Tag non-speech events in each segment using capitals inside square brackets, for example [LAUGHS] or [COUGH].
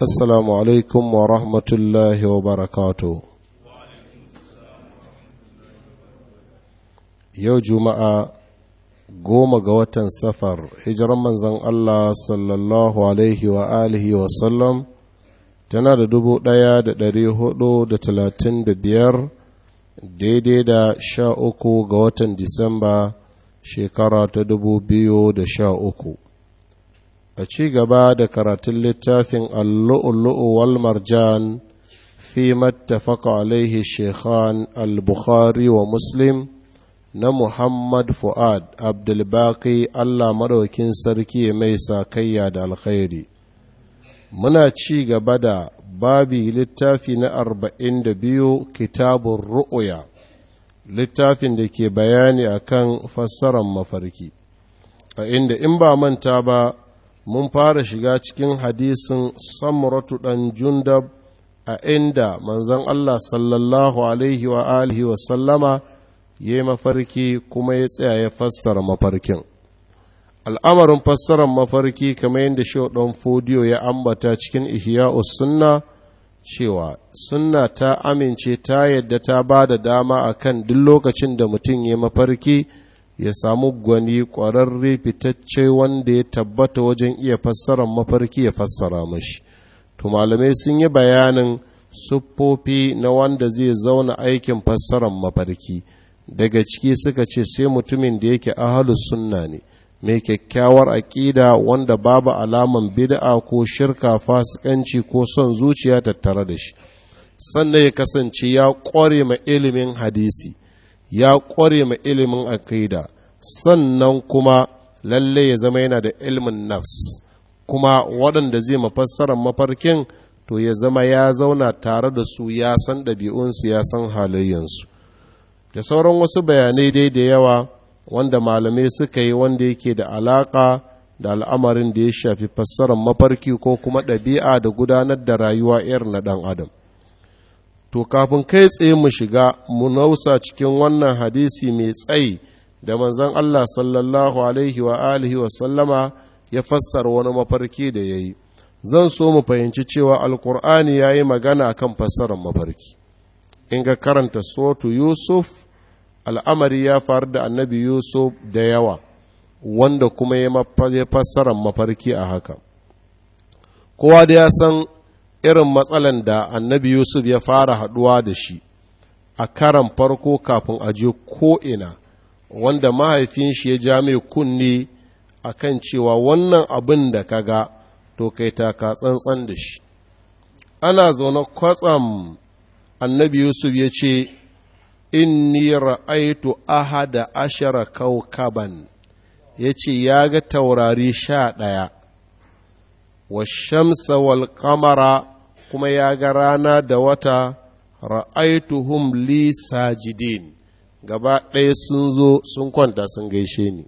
Assalamu alaikum wa rahmatullahi wa barakatu. Yau Juma'a goma ga watan safar, hijiran manzan Allah sallallahu Alaihi wa alihi wa sallam tana da dubu ɗaya da ɗari hudu da talatin da biyar daidai da sha uku ga watan Disamba shekara ta dubu biyu da sha uku. a ci gaba da karatun littafin allu'ulu'u wal marjan fi mattafaka alaihi shekhan al-bukhari wa muslim na muhammad fu'ad abdulbaki allah maɗaukin sarki mai sakayya da alkhairi muna ci gaba da babi littafi na arba'in da biyu kitabun ru'uya littafin da ke bayani akan fassarar mafarki a inda in ba manta ba mun fara shiga cikin hadisin samuratu ɗan jundab a inda manzon Allah sallallahu alaihi wa alihi wa sallama ya mafarki kuma ya tsaya ya fassara mafarkin al'amarin fassarar mafarki kamar yadda shi ɗan fodiyo ya ambata cikin ihya'us sunna cewa sunna ta amince ta yadda ta ba da dama a kan duk lokacin da mutum ya mafarki ya samu gwani ƙwararre fitacce wanda ya tabbata wajen iya fassarar mafarki ya fassara mashi to malamai sun yi bayanin siffofi na wanda zai zauna aikin fassarar mafarki daga ciki suka ce sai mutumin da yake ahalus sunna ne mai kyakkyawar aƙida wanda babu alaman bid'a ko shirka fasikanci ko son zuciya tattare da shi sannan ya kasance ya ƙware ma ilimin hadisi ya ƙware ma ilimin aƙida sannan kuma lalle ya zama yana da ilmin nafs kuma waɗanda zai mafassarar mafarkin to ya zama ya zauna tare da su ya san ɗabi'unsu ya san da sauran wasu bayanai dai da yawa wanda malamai suka yi wanda yake da alaƙa da al'amarin da ya shafi fassarar mafarki ko kuma ɗabi'a da gudanar da rayuwa irin na ɗan adam to kafin kai tsaye mu shiga mu nausa cikin wannan hadisi mai tsayi da manzon Allah sallallahu alaihi wa alihi wa sallama ya fassara wani mafarki da ya yi zan so mu fahimci cewa alkur'ani ya yi magana kan fassarar mafarki in ga karanta sotu yusuf al'amari ya faru da annabi yusuf da yawa wanda kuma ya fassarar mafarki a haka kowa da ya san irin matsalan da annabi yusuf ya fara haduwa da shi a karan farko kafin aje ko'ina wanda mahaifin shi ya ja mai kunni kan cewa wannan abin da ka ga to kai taka tsantsan da shi ana zaune kwatsam annabi yusuf ya ce inni ra'aitu ahada ashara kaukaban ya ce ya ga taurari sha ɗaya wa shamsa wal kamara kuma ya ga rana da wata ra'aituhum li sajidin gaba ɗaya sun zo sun kwanta sun gaishe ni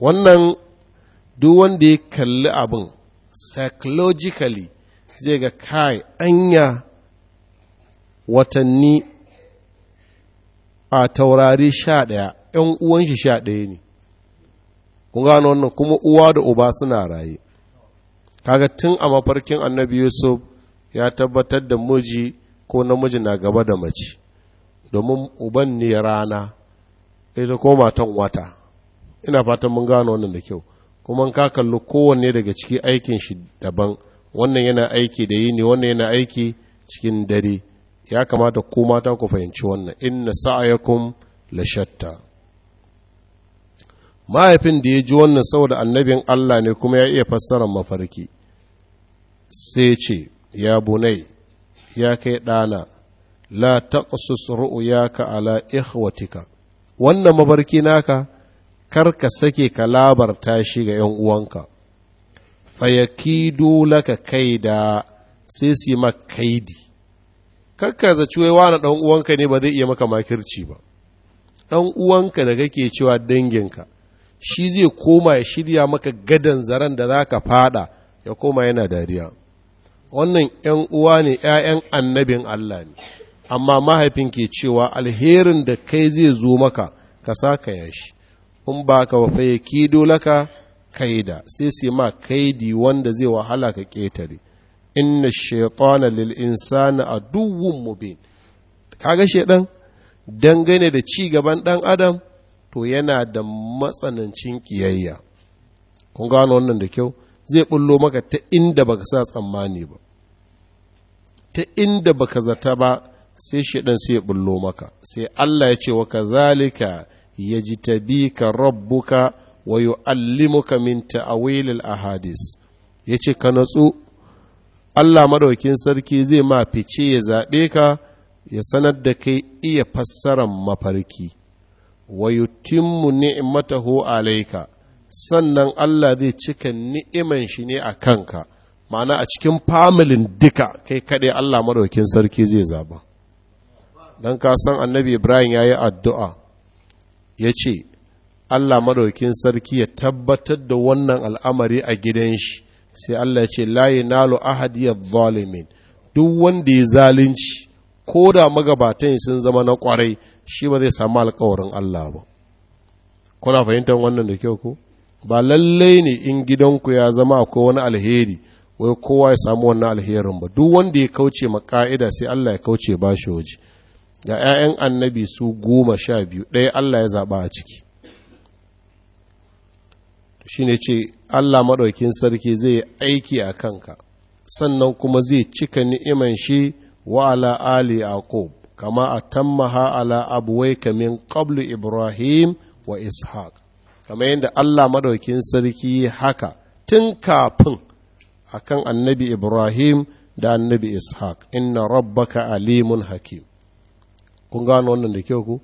wannan duk wanda ya kalli abin psychologically zai ga kai anya watanni a taurari sha ɗaya ‘yan uwan shi sha ɗaya ne kun gano wannan kuma uwa da uba suna raye kaga tun a mafarkin annabi yusuf ya tabbatar da muji ko namiji na gaba da mace domin uban ne rana ita ko matan wata ina fatan mun gano wannan da kyau kuma ka kalli kowanne daga ciki aikin shi daban wannan yana aiki da yini wannan yana aiki cikin dare ya kamata ku mata ku fahimci wannan inna sa'ayakum la shatta mahaifin da ya ji wannan saboda annabin Allah ne kuma ya iya fassarar mafarki sai ce ya bunai ya kai ɗana la taqsus ru'yaka ala ikhwatika wannan mabarki naka kar ka sake ka labarta shi ga yan uwanka fayakidu laka kaida sai su yi kaidi kakka zaci ciwe wani dan uwanka ne ba zai iya maka makirci ba dan uwanka da kake cewa dangin ka, shi zai koma ya shirya maka gadan zaren da zaka fada ya koma yana dariya wannan yan uwa ne ƴaƴan annabin Allah ne amma mahaifin ke cewa alherin da kai zai zo maka ka saka ya shi in ba ka wafa ya kido laka kaida sai sai ma kaidi wanda zai wahala ka ƙetare inna shaitana lil insani aduwwun mubin kaga shaidan dangane da ci gaban dan adam to yana da matsanancin kiyayya kun gano wannan da kyau zai bullo maka ta inda baka sa tsammani ba ta inda baka zata ba sai ɗan sai ya bullo maka sai Allah ya ce wa tabi ka rabbuka wa yu'allimuka min ta'awilil ahadis ce ka natsu Allah madaukin sarki zai ma fice ya zaɓe ka ya sanar da kai iya fassaran mafarki wa yutimmu ni'matahu alayka sannan Allah zai cika ni'iman shi ne a kanka ma'ana a cikin familin duka kai kaɗai Allah madaukin sarki zai zaba dan ka san annabi ibrahim ya yi addu'a ya ce allah maɗaukin sarki ya tabbatar da wannan al'amari a gidan shi sai allah ya ce layi nalo ahadiyar zalimin duk wanda ya zalunci ko da magabatan sun zama na kwarai shi ba zai samu alkawarin allah ba kuna fahimtar wannan da kyau ko ba lallai ne in gidanku ya zama akwai wani alheri wai kowa ya samu wannan alherin ba duk wanda ya kauce ma ka'ida sai Allah ya kauce ba shi waje ga 'ya'yan annabi su goma sha biyu ɗaya Allah ya zaɓa a ciki shi ne ce Allah maɗaukin sarki zai aiki a kanka sannan kuma zai cika ni'iman shi wa ala ali ko kama a tammaha ala abuwai kamin qablu ibrahim wa ishaq kama yadda Allah maɗaukin sarki haka tun kafin akan annabi ibrahim da annabi ishaq inna rabbaka alimun hakim kun gano wannan da kyau ku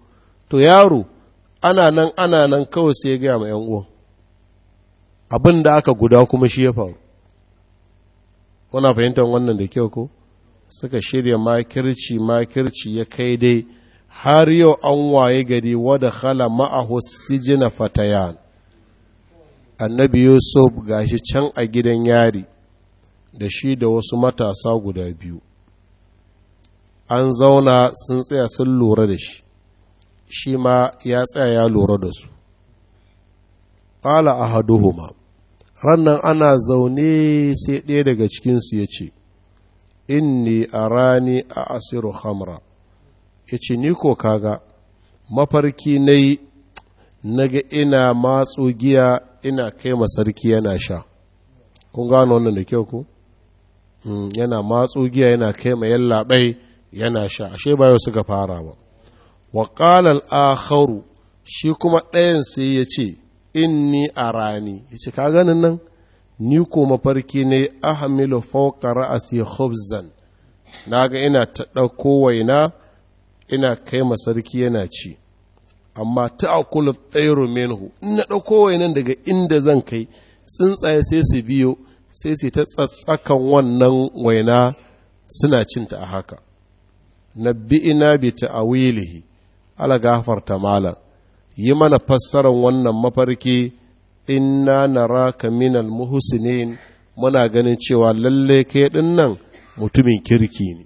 to yaro ana nan ana nan kawai sai ya gaya ma yan uwan abin da aka guda kuma shi ya faru kuna fahimtar wannan da kyau ko suka shirya makirci makirci ya kai dai har yau an waye gari wada khala ma'ahu sijina fatayan annabi yusuf gashi can a gidan yari da shi da wasu matasa guda biyu an zauna sun tsaya sun lura da shi shi ma ya tsaya ya lura da su ƙala a haduhuma rannan ana zaune sai ɗaya daga cikinsu ya ce inni a rani a asiru hamra ya ce ni ko kaga mafarki na yi naga ina matso giya ina kai sarki yana sha kun gano wannan da kyau ku hmm, yana matso giya yana kai ma yallaɓai yana sha ashe ba yau suka fara ba wa qalal akharu shi kuma ɗayan sai ya ce inni a rani ya ce ka ganin nan ni ko mafarki ne ahmilu fawqa ra'asi khubzan naga ina ta dauko waina ina kai Masarki yana ci amma ta tayru minhu in na ɗauko wainan daga inda zan kai tsuntsaye sai su biyo sai su ta tsatsakan wannan waina suna cinta a haka nabbi'ina bi awilihi ala ta malam yi mana fassarar wannan mafarki inna naraka minal muhsinin muna ganin cewa lallai kai din nan mutumin kirki ne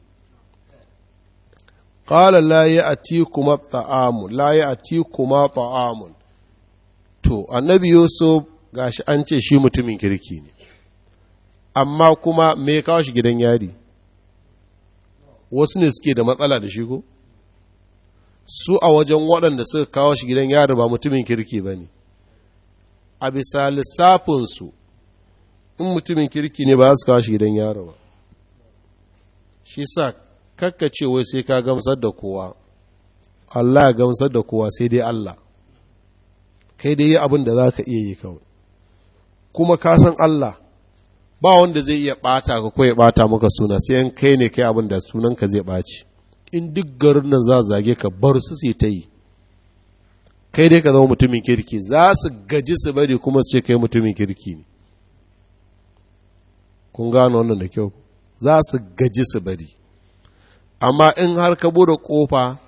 qala la ya'tikuma ta'amun la ya'tikuma ta'amun to annabi yusuf gashi an ce shi mutumin kirki ne amma kuma me kawo shi gidan yari wasu ne suke da matsala da shi su a wajen waɗanda suka kawo shi gidan yari ba mutumin kirki ba ne a bisa lissafinsu in mutumin kirki ne ba su kawo shi gidan yari ba shi sa kakkace wai sai ka gamsar da kowa Allah ya gamsar da kowa sai dai Allah kai dai yi abin da za ka iya yi kawai kuma ka san Allah ba wanda zai iya bata ka ko ya ɓata maka suna sai an kai ne kai abin da sunanka zai baci in duk garin nan za zage ka bar su sai ta yi kai dai ka zama mutumin kirki za su gaji su bari kuma su ce kai mutumin kirki ne kun gano wannan da kyau za su gaji su bari amma in har ka bude kofa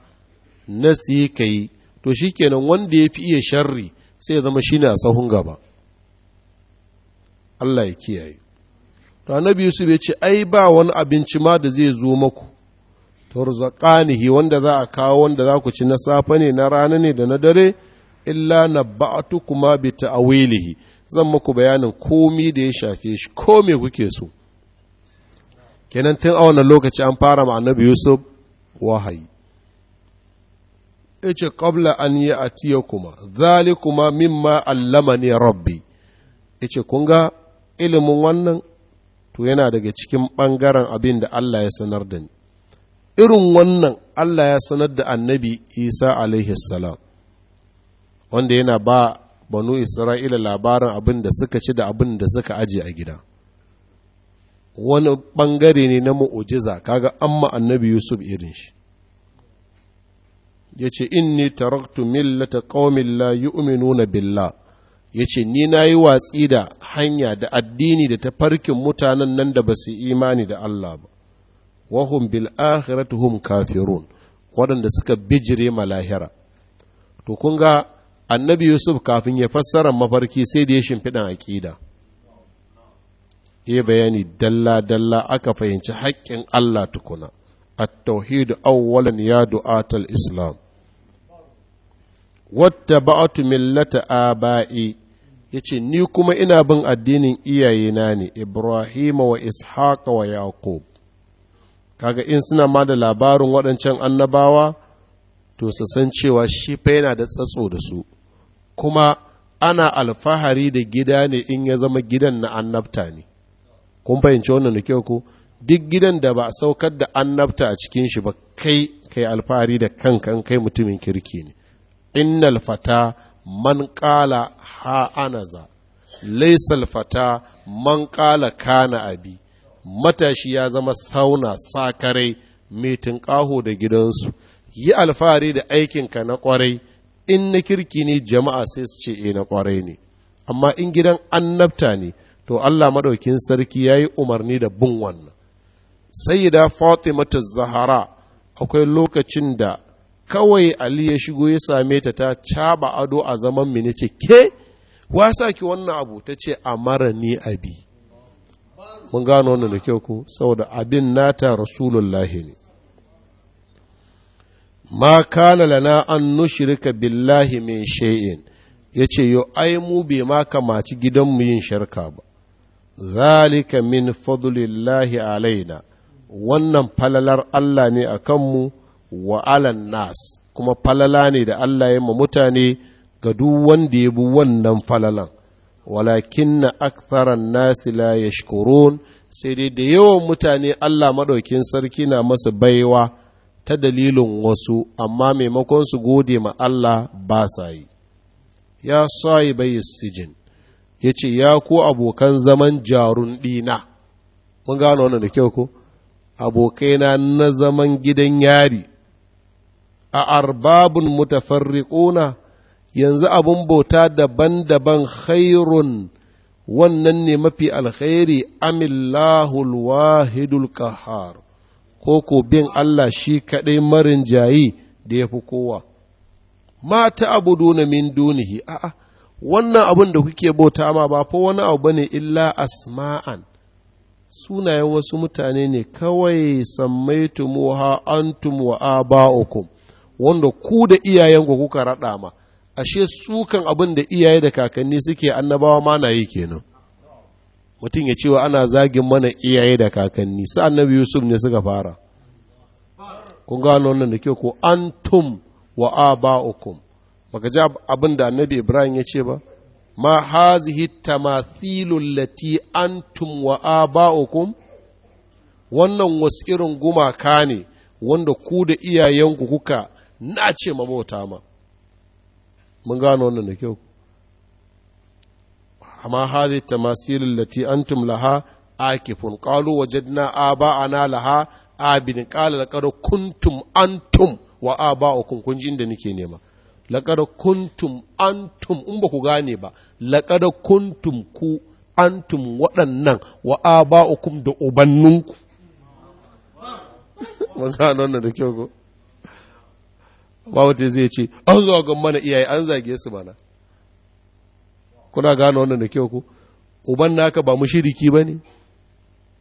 na yi ka yi to shi kenan wanda ya fi iya sharri sai ya zama shine a sahun gaba Allah ya kiyaye to annabi yusuf ya ce ai ba wani abinci ma da zai zo maku turzaqanihi wanda za a kawo wanda za ku ci na safe ne na rana ne da na dare illa ba'atukuma bi ta'wilihi zan muku bayanin komi da ya shafe shi ko me kuke so kenan tun a wannan lokaci an fara ma annabi yusuf wahayi yace qabla an kuma zalikuma mimma allamani rabbi yace kun ga ilimin wannan to yana daga cikin ɓangaren abin da Allah ya sanar da ni irin wannan Allah ya sanar da annabi Isa alaihi salam wanda yana ba banu Isra'ila labarin abin da suka ci da abin da suka aje a gida wani ɓangare ne na mu'ujiza kaga amma annabi Yusuf irin shi ya ce inni taraktu millata qaumin la yu'minuna billah ya ce ni na yi watsi da hanya da addini da ta farkin mutanen nan da ba su imani da Allah ba wahum bil akhirati hum kafirun waɗanda suka bijire malahira to kun ga annabi yusuf kafin ya fassara mafarki sai da ya shimfiɗan aƙida ya bayani dalla-dalla aka fahimci haƙƙin Allah tukuna at-tauhid awwalan ya du'atul islam wata ba'atu millata aba'i ya ce ni kuma ina bin addinin iyayena ne ibrahima wa ishaqa wa yaqub kaga in suna ma da labarin waɗancan annabawa to su san cewa shi fa yana da tsatso da su kuma ana alfahari da gida ne in ya zama gidan na annabta ne kun fahimci wannan da kyau ko duk gidan da ba a saukar da annabta a cikin shi ba kai kai alfahari da kanka kai mutumin kirki ne innal fata man ƙala ha anaza laisal fata man ƙala kana abi matashi ya zama sauna sakarai mai tunƙaho da gidansu yi alfahari da aikinka na ƙwarai in na kirki ne jama'a sai su ce e na ƙwarai ne amma in gidan annabta ne to Allah maɗaukin sarki ya yi umarni da bin wannan sayyida fatimatu zahara akwai lokacin da kawai ali ya shigo ya same ta ta caba ado a zaman mini ce ke wasa ki wannan abu ta ce a mara ni abi mun gano wannan da kyau ko saboda abin nata rasulullahi ne ma kana lana an nushirka billahi min shay'in yace yo ai mu bai ma kamaci gidanmu yin sharka ba zalika min fadlillahi alaina wannan falalar Allah ne a kanmu wa nas kuma falala ne da Allah ya ma mutane ga duk wanda ya bi wannan falalan walakin na aktharan nasi la yashkurun sai dai da yawan mutane Allah maɗaukin sarki na masu baiwa ta dalilin wasu amma maimakon su gode ma Allah ba sa yi ya sayi bai sijin ya ce ya ku abokan zaman jarun ɗina mun gano wannan da kyau ko abokaina na zaman gidan yari a arbabun mutafarriquna yanzu abun bauta daban-daban khairun wannan ne mafi alkhairi amillahul wahidul kahar ko ko bin Allah shi kaɗai marin jayi da ya fi kowa ma ta abudu na min dunihi a'a wannan abun da kuke bauta ma ba fa wani abu bane illa asma'an sunayen wasu mutane ne kawai sammaitumuha antum wa aba'ukum wanda ku da iyayenku kuka raɗa ma ashe sukan abin da iyaye da kakanni suke annabawa ma na yi kenan mutum ya cewa ana zagin mana iyaye da kakanni sa annabi yusuf ne suka fara kun gano wannan da ke ko antum wa aba'ukum baka ji abin da annabi ibrahim ya ce ba ma hazihi tamathilu lati antum wa aba'ukum wannan wasu irin gumaka ne wanda ku da iyayenku kuka na ce ma bauta ma mun gano wannan da kyau amma hadhi tamasilul lati antum laha akifun qalu wajadna aba'ana laha abin qala laqad kuntum antum wa aba'ukum kun ji inda nake nema laqad kuntum antum in ba ku gane ba laqad kuntum ku antum waɗannan wa aba'ukum da ubanninku mun gano wannan da kyau ko ba wata zai ce an ga mana iyaye an zage su bana kuna gano wannan da kyau ko uban naka ba mushiriki ba ne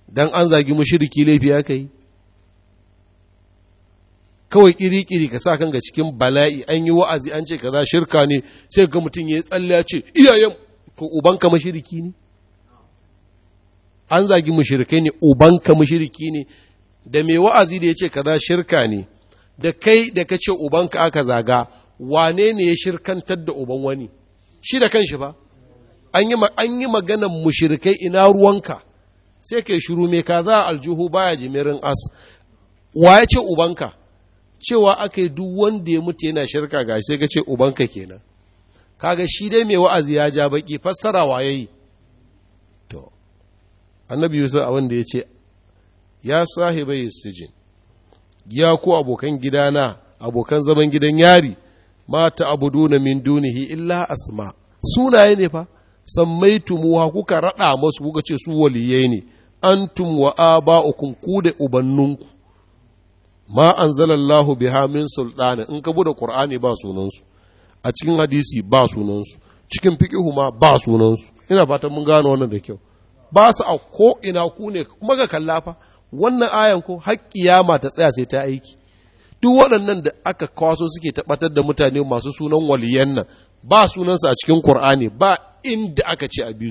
don an zagi mushiriki laifi aka yi kawai kiri-kiri ka sa kan ga cikin bala'i an yi wa'azi an ce kaza shirka ne sai ga mutum ya yi tsalle ce iyayen to ubanka mashiriki ne an zagi mushrikai ne ubanka mashiriki ne da mai wa'azi da ya ce kaza shirka ne da kai da ka ce ubanka aka zaga wane ne ya shirkantar da uban wani shi da kanshi ba an yi maganan mushrikai ina ruwanka sai kai shiru mai ka za aljihu baya jimirin as wa ya ce ubanka cewa aka duk wanda ya mutu yana shirka ga sai ka ce ubanka kenan kaga shi dai mai wa'azi ya ja baki fassara wa yayi to annabi yusuf abin da ya ce ya sahibai sijin ya ku abokan gidana abokan zaman gidan yari mata abuduna min dunihi illa asma sunaye ne fa sammaitumuha kuka rada masu kuka ce su waliyai ne antum wa aba'ukum ku da ubannunku ma anzalallahu biha min sultani in ka bude qur'ani ba sunansu a cikin hadisi ba sunansu cikin fiqihu ma ba sunansu ina fatan mun gano wannan da kyau ba su a ko ina ku ne kuma ka kalla fa wannan ayan ko har kiyama ta tsaya sai ta aiki duk waɗannan da aka kwaso suke tabbatar da mutane masu sunan waliyan nan ba sunansa a cikin Kur'ani ba inda aka ce a bi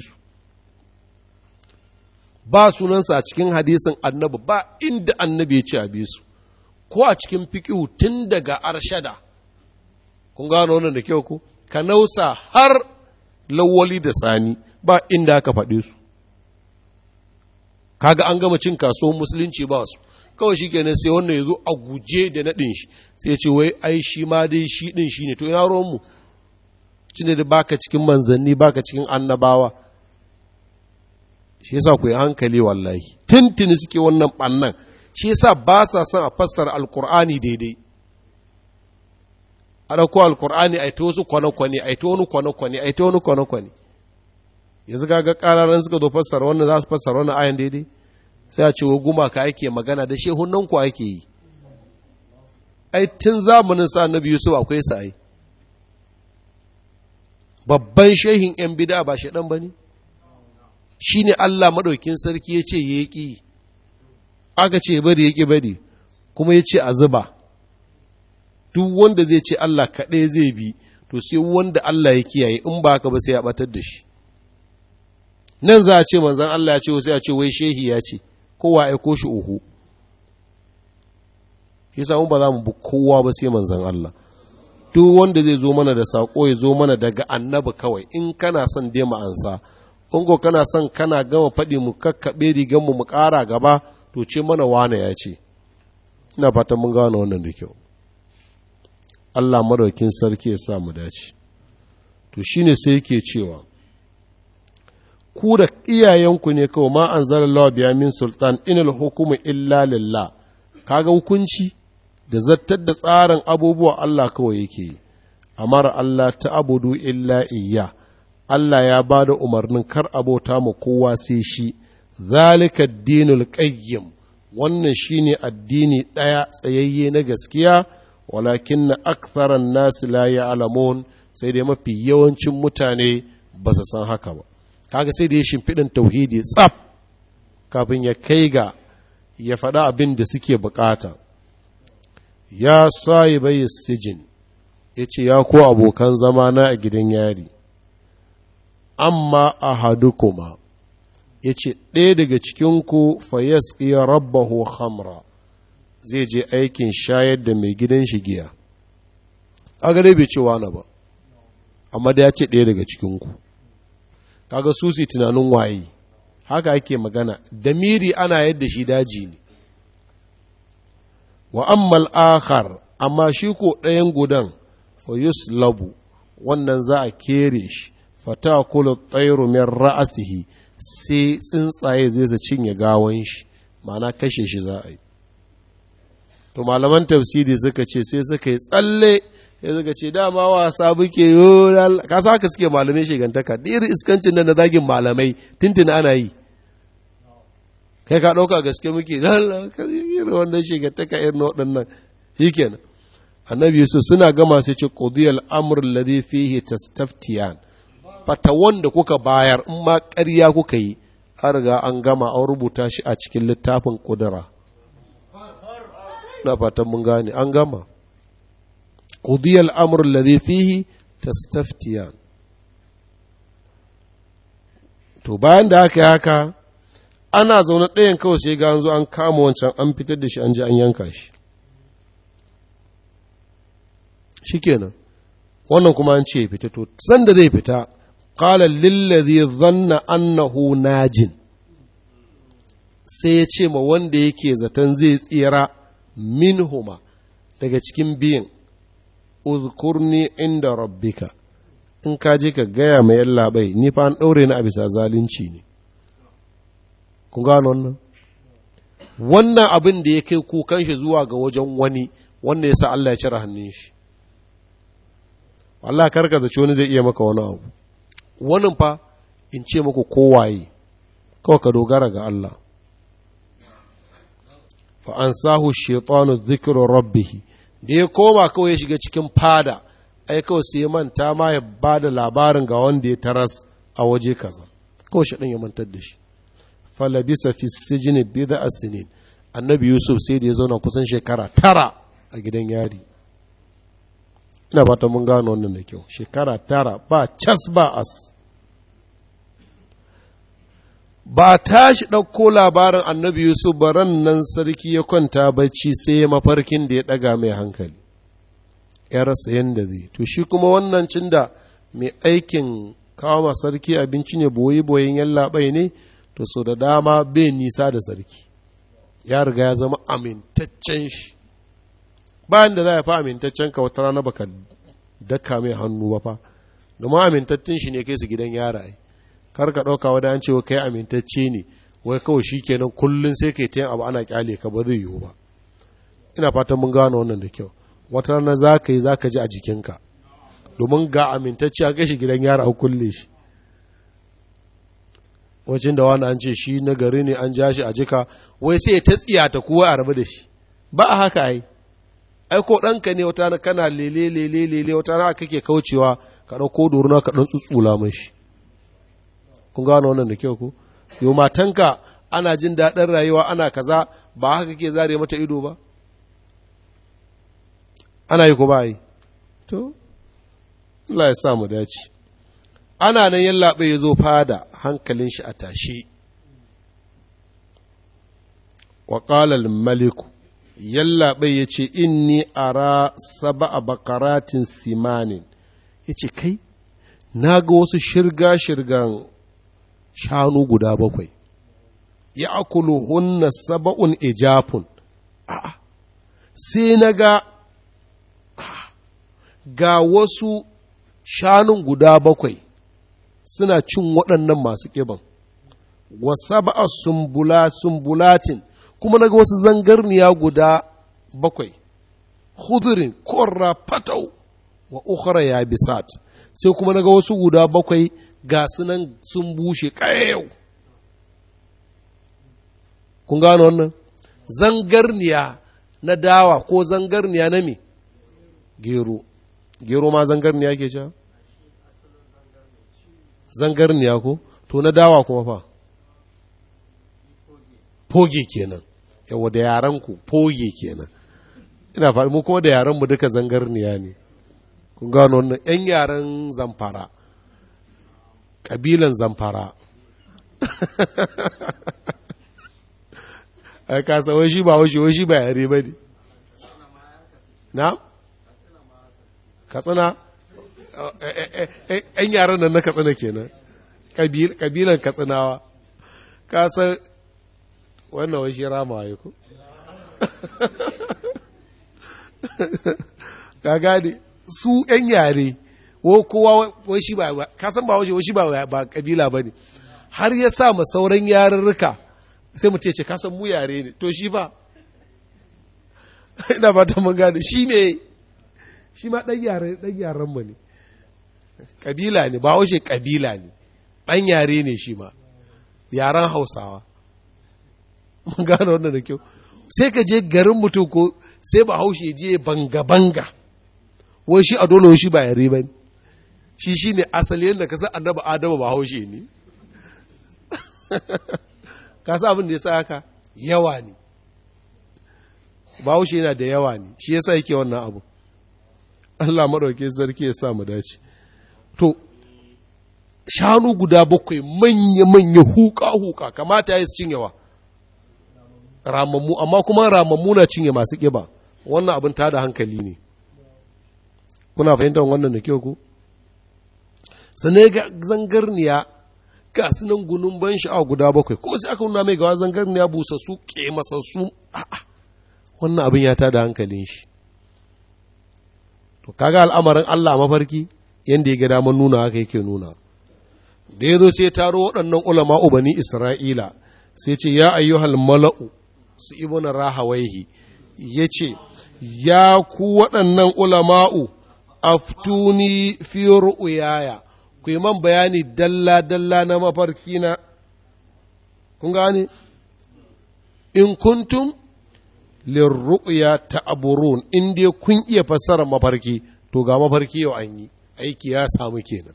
ba sunansa a cikin hadisin annabi ba inda annabi ya ce a bisu, ko a cikin fiƙihu tun daga arshada kun gano wannan da kyau ku ka nausa har lawali da sani ba inda aka faɗe su kaga an gama cin kasuwan musulunci ba su kawai shi kenan sai wannan ya zo a guje da naɗin shi sai ce wai ai shi ma dai shi ɗin shi ne to ina mu cin da baka cikin manzanni baka cikin annabawa shi yasa ku yi hankali wallahi tintini suke wannan ɓannan shi yasa ba sa son a fassara alkur'ani daidai a ɗauko alkur'ani a ita wasu kwane-kwane a ita wani kwane-kwane a ita wani kwane-kwane yanzu kaga ƙararan suka zo fassara wannan za su fassara wannan ayan daidai sai a ce wa guma gumaka ake magana da shehunan ku ake yi ai tun zamanin sa annabi yusuf akwai sa ai babban shehin yan bida ba dan bane shine Allah madaukin sarki yace yaki aka ce bari yaki bari kuma yace a zuba duk wanda zai ce Allah kaɗai zai bi to sai wanda Allah ya kiyaye in ba ka ba sai ya batar da shi nan za a ce manzan Allah ya ce sai a ce wai shehi ya ce kowa aiko shi uhu shi sa ba za mu bi kowa ba sai manzan Allah duk wanda zai zo mana da sako ya zo mana daga annabi kawai in kana son dai mu ansa ungo kana son kana gama faɗi mu kakkaɓe rigar mu mu ƙara gaba to ce mana wane ya ce ina fatan mun gane wannan da kyau Allah maraukin sarki ya sa mu dace to shine sai yake cewa ku da iyayenku ne kawai ma an zara biya min sultan inal hukumu illa lillah kaga hukunci da zartar da tsarin abubuwa Allah kawai yake yi amara Allah ta abudu illa iya, Allah ya ba da umarnin kar abota mu kowa sai shi zalika dinul qayyim wannan shine addini ɗaya tsayayye na gaskiya walakin na aktharan nasi la ya'lamun sai dai mafi yawancin mutane ba su san haka ba kaga sai da ya shimfiɗin tauhidi tsaf kafin ya kai ga ya faɗa abin da suke bukata ya sa sayi bai sijin ya ce ya ko abokan zama na a gidan yari amma a hadu kuma ya ce ɗaya daga cikinku fayas iya rabbahu hamra zai je aikin shayar da mai gidan shi giya a gare bai ce wani ba amma da ya ce ɗaya daga cikinku kaga su su tunanin waye haka ake magana damiri ana yadda shi daji ne wa ammal akhar amma shi ko ɗayan gudan fa yuslabu wannan za a kere shi fata kula tayru min ra'asihi sai tsuntsaye zai sa cinye gawan shi ma'ana kashe shi za a yi to malaman tafsiri suka ce sai suka yi tsalle ya zaga ce dama wasa muke yo ka sa haka suke malamai shigantaka diri iskancin nan na zagin malamai tintin ana yi kai ka ɗauka gaske muke [LAUGHS] irin wannan shigantaka irin waɗannan shi kenan annabi yusuf suna gama sai ce qudiyal amr alladhi fihi tastaftiyan fatawan da kuka bayar in ma ƙarya kuka yi har ga an gama an rubuta shi a cikin littafin kudura na fatan mun gane an gama قضي الأمر الذي فيه تستفتيان to bayan da aka yi haka ana zaune ɗayan kawai sai ga an an kama wancan an fitar da shi an ji an yanka shi Shikenan wannan kuma an ce ya fita sanda zai fita qala lillazi dhanna annahu najin sai ya ce ma wanda yake zaton zai tsira minhuma daga cikin biyan uzkurni inda rabbika in ka je ka gaya mai yallaɓai ni fa an ɗaure ni a bisa zalunci ne kun gano wannan wannan abin da ya kai kukan shi zuwa ga wajen wani wanda ya sa Allah ya cire hannun shi Allah karka da wani zai iya maka wani abu wannan fa in ce muku kowaye kawai ka dogara ga Allah fa ansahu shaitanu dhikru rabbihi da ya koma kawai ya shiga cikin fada ai kawai sai ya manta ma ya ba da labarin ga wanda ya taras a waje kaza kawai shaɗin ya mantar da shi falabisa fi sijini da asinin annabi yusuf sai da ya zauna kusan shekara tara a gidan yari ina fata mun gano wannan da kyau shekara tara ba cas ba as ba tashi ɗauko labarin annabi yusuf ran nan sarki ya kwanta bacci sai ya mafarkin da ya ɗaga mai hankali ya rasa yadda zai to shi kuma wannan cin da mai aikin kawo ma sarki abinci ne boye boyen yallaɓai ne to so da dama bai nisa da sarki ya riga ya zama amintaccen shi bayan da za a fi amintaccen ka wata rana baka daka mai hannu ba fa domin amintaccen shi ne kai su gidan yara ai kar ka ɗauka wada an cewa kai amintacce ne wai kawai shi kenan kullum sai kai yin abu ana kyale ka ba zai yiwu ba ina fatan mun gano wannan da kyau wata rana za ka yi za ka ji a jikinka domin ga amintacce a kai shi gidan yara a kulle shi wajen da wani an ce shi na gari ne an ja shi a jika wai sai ta tsiya ta kuwa a rabu da shi ba a haka ai ai ko ɗanka ne wata kana lele lele lele wata na kake kaucewa ka ɗauko doruna ka ɗan tsutsula mashi kun gano wannan da kyau ko yo matanka ana jin daɗin rayuwa ana kaza ba haka ke zare mata ido ba ana yi ko ba yi to Allah ya sa mu dace ana nan yallaɓe ya zo fada hankalin shi a tashe wa maliku yallaɓe ya ce inni ara saba a bakaratin simanin ya ce kai na ga wasu shirga-shirgan shanu guda bakwai ya akulu hunna saba'un ijafun sai na ga ga wasu shanun guda bakwai suna cin waɗannan masu ƙiban wa saba'a sumbulatin kuma na ga wasu zangarniya guda bakwai hudurin korra fatau wa ukhra ya bisat sai kuma na ga wasu guda bakwai ga sunan sun bushe ƙayau kun gano wannan zangarniya na dawa ko zangarniya na me gero gero ma zangarniya ke cewa zangarniya ko to na dawa kuma fa foge kenan yawa da yaran ku foge kenan ina faɗi mu kuma da yaran mu duka zangarniya ne kun gano wannan yan yaran zamfara kabilan zamfara a kasa washi ba washi washi ba yare ba ne na katsina eh, eh, eh, yan yaren nan na katsina kenan kabilan katsinawa kasa wannan washi rama ya ku ga gane su yan yare wo kowa wai shi ba ka san ba shi ba ba kabila bane har ya sa ma sauran yarurruka sai mu ce ka san mu yare ne to shi ba [LAUGHS] ina ba ta mun gane shi ne shi ma dan yare dan yaren mu ne kabila ne ba shi kabila ne dan yare ne shi ma yaren Hausawa [LAUGHS] mun gane wannan da kyau sai ka je garin mutum ko sai ba haushe je banga banga wai shi a dole shi ba yare bane shi shi ne asali yadda ka san daba adamu ba haushe ne [LAUGHS] ka sa abin da ya sa haka yawa ne ba haushe yana da yawa ne shi ya sa yake wannan abu Allah maɗauke sarki ya sa mu dace to shanu guda bakwai manya-manya huka-huka kamata ya su wa. ramammu amma kuma ramammu na cinye masu ƙiba wannan abin da hankali ne kuna fahimtar wannan da kyau ku sannan ga zangarniya ga su nan gunun ban sha'awa guda bakwai kuma sai aka nuna mai gawa zangarniya busa su busassu su? a'a wannan abin ya tada hankalin shi to kaga al'amarin Allah mafarki yanda ya ga daman nuna haka yake nuna da ya zo sai taro waɗannan ulama ubani isra'ila sai ce ya ayyuhal mala'u su ibuna rahawaihi ya ce ya ku waɗannan ulama'u aftuni fi ru'uyaya ku yi man bayani dalla-dalla na mafarki na, kun gane? In kuntum lirruƙuya ta aburun, in kun iya fassara mafarki, to ga mafarki yau an yi, aiki ya samu kenan.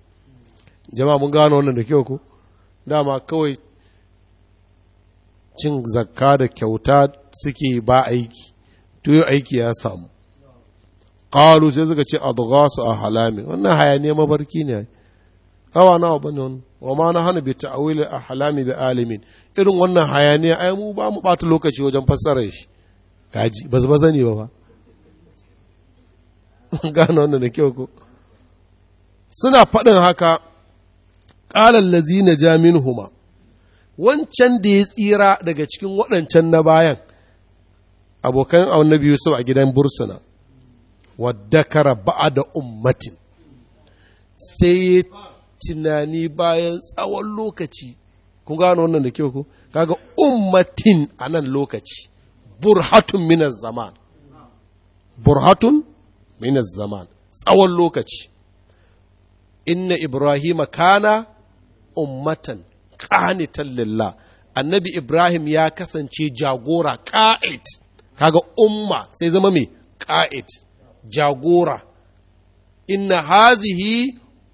Jama'a mun gano wannan da kyau ku? Dama kawai cin zakka da kyauta suke ba aiki, to yau aiki ya samu. Ƙalu sai suka ce a su a halami, wannan ne mafarki ne. awa nawa bane wannan wa ma na hana bi a ahlami bi alimin irin wannan hayaniya ai mu ba mu bata lokaci wajen fassara shi kaji bazbaza bazani ba ba gano wannan da kyau ko suna faɗin haka qala allazina huma wancan da ya tsira daga cikin waɗancan na bayan abokan annabi Yusuf a gidan bursuna wadda kara ba'a da ummatin sai tunani bayan tsawon lokaci ku gano wannan da kyau ku kaga ummatin a nan lokaci burhatun minas zaman burhatun minas zaman tsawon lokaci inna ibrahim kana ummatan qanitan lillah annabi ibrahim ya kasance jagora qa'id kaga umma sai zama mai qa'id jagora inna hazihi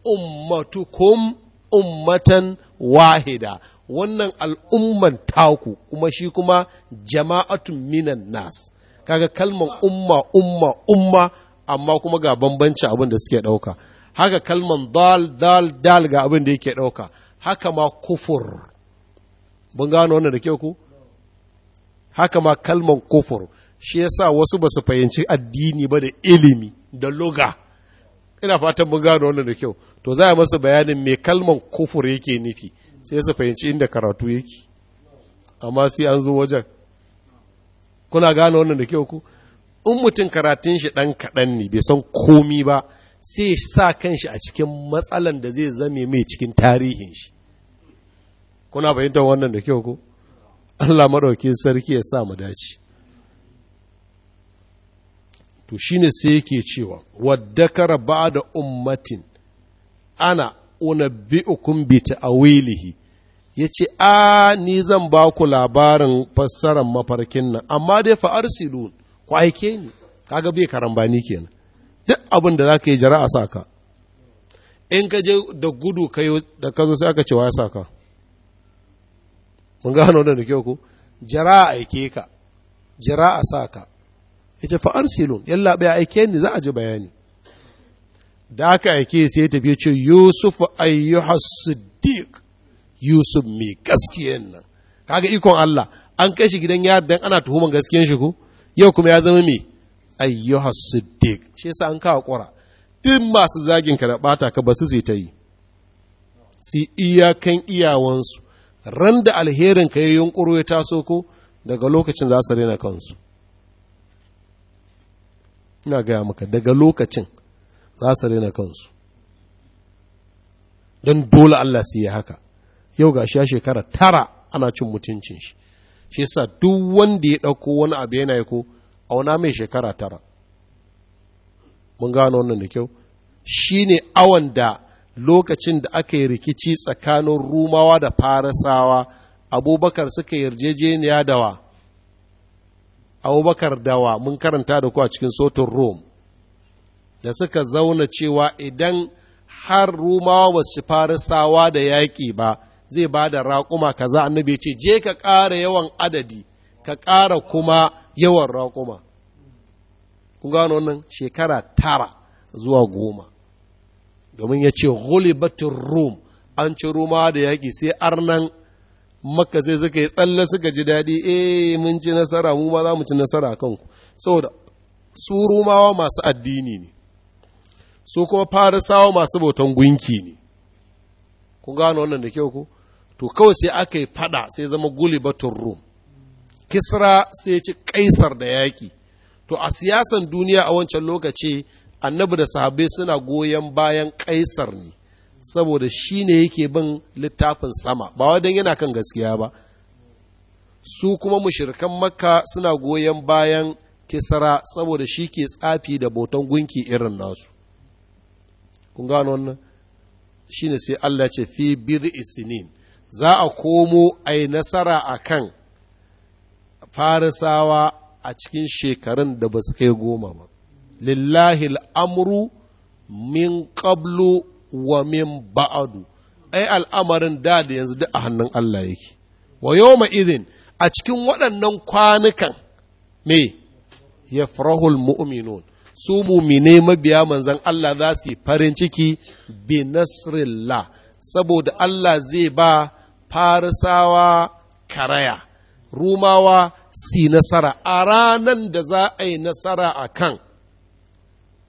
ummatukum ummatan wahida wannan al'umman taku kuma shi kuma jama'atun minan nas kaga kalman umma umma umma amma kuma ga bambanci abin da suke ɗauka haka kalman dal dal dal ga abin da yake ɗauka haka ma kufur bun gano wannan da ke ku haka ma kalman kufur shi yasa wasu ba su fahimci addini ba da ilimi da loga ina fatan mun gano wannan da kyau to za a masa bayanin me kalman kufur yake nufi sai su fahimci inda karatu yake amma sai an zo wajen kuna gano wannan da kyau ku in mutum karatun shi ɗan kaɗan ne bai san komi ba sai sa kanshi a cikin matsalan da zai zame mai cikin tarihin shi kuna fahimtar wannan da kyau ku Allah maɗauki sarki ya sa mu dace to shi ne sai yake cewa waddakara ba da ummatin ana unabbi'ukum bi ta'wilihi yace a ni zan ba ku labarin fassarar mafarkin nan amma dai fa arsilun ku aike ni kaga bai ni kenan duk abin da zaka yi jara'a saka in ka je da gudu kai da ka zo sai aka ce wa saka mun gano da da kyau ko jara'a aike ka jara'a saka yace fa arsilun yalla bai aike ni za a ji bayani da aka aike sai tafi ce yusuf ayyuha siddiq yusuf mai gaskiyan nan kaga ikon Allah an kai shi gidan yari dan ana tuhuman gaskiyan shi ko yau kuma ya zama mai ayyuha siddiq shi yasa an kawo kura din masu zagin ka da bata ka ba su sai ta yi si iyakan iyawansu randa alherin ka yi kuro ya taso ko daga lokacin za su rena kansu ina gaya maka daga lokacin za su rena kansu don dole Allah su yi haka yau ga shi ya shekara tara ana cin mutuncin shi shi sa duk wanda ya ɗauko wani abu yana yi ko auna mai shekara tara mun gano wannan da kyau shi ne awon da lokacin da aka yi rikici tsakanin rumawa da farasawa, abubakar suka yarjejeniya da wa abubakar dawa mun karanta da ku a cikin sotun rome da suka zauna cewa idan har rumawa ba su fara sawa da yaƙi ba zai ba da raƙuma kaza annabi ce je ka ƙara yawan adadi ka ƙara kuma yawan raƙuma kun gano wannan shekara tara zuwa goma domin ya ce rum an ci rumawa da yaƙi sai arnan makka sai suka yi tsalle suka ji daɗi eh mun ci nasara mu ma za mu ci nasara a kanku saboda su rumawa masu addini ne su kuma farisawa masu bautan gunki ne ku gano wannan da kyau ku to kawai sai aka yi fada sai zama guli batun rum kisra sai ci kaisar da yaƙi to a siyasan duniya a wancan lokaci annabi da sahabbai suna goyon bayan kaisar ne saboda shi ne yake bin littafin sama ba wadan yana kan gaskiya ba su kuma mushirkan makka suna goyon bayan kisara saboda shi ke tsafi da boton gunki irin nasu kun gano wannan shi ne sai Allah ce fi bir isinin za a komo a yi nasara a kan farisawa a cikin shekarun da ba su kai goma ba lillahi al'amuru min qablu wa min ba'adu ai al'amarin da da yanzu duk a hannun Allah yake wa yawma idin a cikin waɗannan kwanukan me ya farahul mu'minun su mumine mabiya manzan Allah za su yi farin ciki bi nasrillah saboda Allah zai ba farisawa karaya rumawa si nasara a ranan da za a yi nasara a kan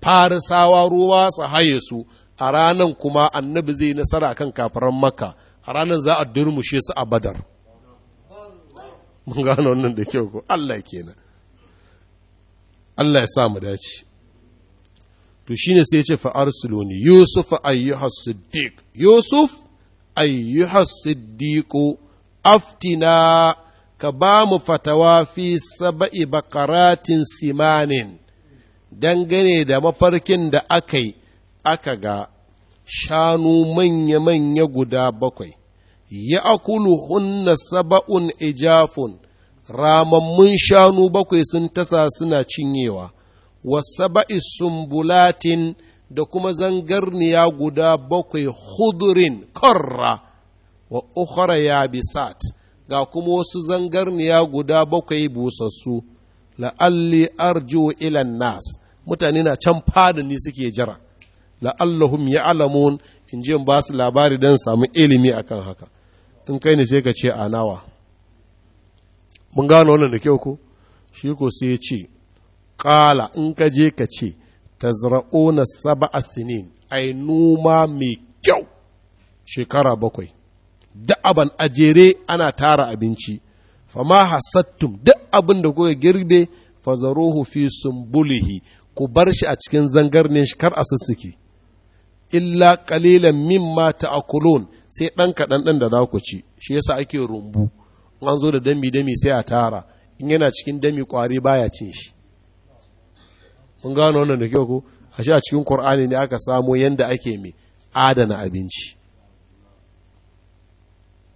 farisawa ruwa su haye su a ranan kuma annabi zai nasara kan kafaran maka a ranan za a durmushe su a badar mun gano wannan da kyau ko Allah kenan Allah ya sa mu dace to shine sai ya ce fa arsuluni yusuf ayyuha siddiq yusuf ayyuha siddiq aftina ka ba mu fatawa fi saba'i bakaratin simanin dangane da mafarkin da aka yi aka ga shanu manya-manya guda bakwai, ya akulu hunna saba'un ijafun, ramammun shanu bakwai sun tasa suna cinyewa, wa saba'i sumbulatin da kuma zangarniya guda bakwai hudurin korra wa ukhra ya bisat ga kuma wasu zangarniya guda bakwai busassu la'alli arju ilan nas mutane na can fada ne suke jira la'allahum alamun in ji ba su labari don samu ilimi akan haka in kai ne sai ka ce a nawa mun gano wannan da kyau ko shi ko sai ya ce ƙala in ka je ka ce tazra'una sab'a sinin ai noma mai kyau shekara bakwai da aban ajere ana tara abinci fama hasattum duk abin da kuka girbe fazaruhu fi sumbulihi ku bar shi a cikin zangar ne kar a sussuke illa qalilan mimma ta'kulun sai dan kadan din da za ku ci shi yasa ake rumbu an zo da dami dami sai a tara in yana cikin dami kwari baya cin shi mun gano wannan da kyau ko ashe a cikin Qur'ani ne aka samo yanda ake mai adana abinci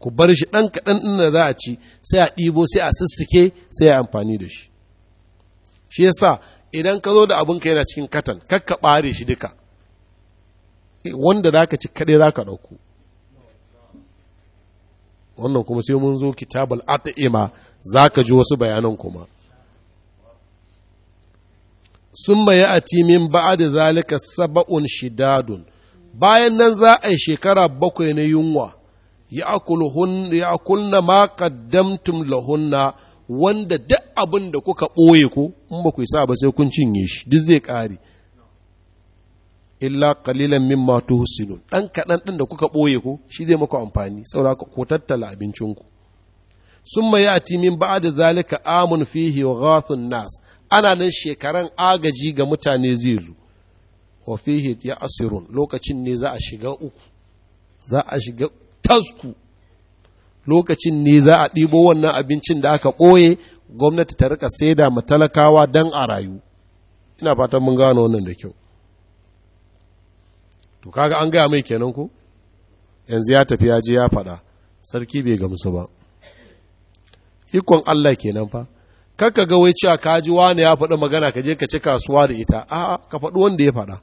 ku bar shi ɗan kaɗan din da za a ci sai a ɗibo sai a sissike sai a amfani da shi shi yasa idan ka zo da abinka yana cikin katan kakka ɓare shi duka wanda za ka ci kaɗai za ka ɗauko wannan kuma sai mun zo kitabul at'ima za ka ji wasu bayanan kuma sun maye a timin da zalika saba'un shidadun bayan nan za a yi shekara bakwai na yunwa ya akulna ma kaddamtum lahunna wanda duk abin da kuka ɓoye ko in ba ku sa ba sai kun cinye shi duk zai ƙare illa qalilan mimma tuhsinun dan kadan din da kuka boye ko shi zai muku amfani saura ku tattala abincin ku summa yati min ba'd zalika amun fihi ghathun nas ana nan shekaran agaji ga mutane zai zo wa fihi ya asirun lokacin ne za a shiga uku za a shiga tasku lokacin ne za a ɗibo wannan abincin da aka ɓoye gwamnati ta rika saida matalakawa dan a rayu ina fatan mun gano wannan da kyau to kaga an gaya mai kenan ko yanzu ya tafi ya je ya faɗa sarki bai gamsu ba ikon Allah kenan fa kakka ga wai cewa ka ji wani ya faɗi magana ka je ka ci kasuwa da ita a'a ka faɗi wanda ya faɗa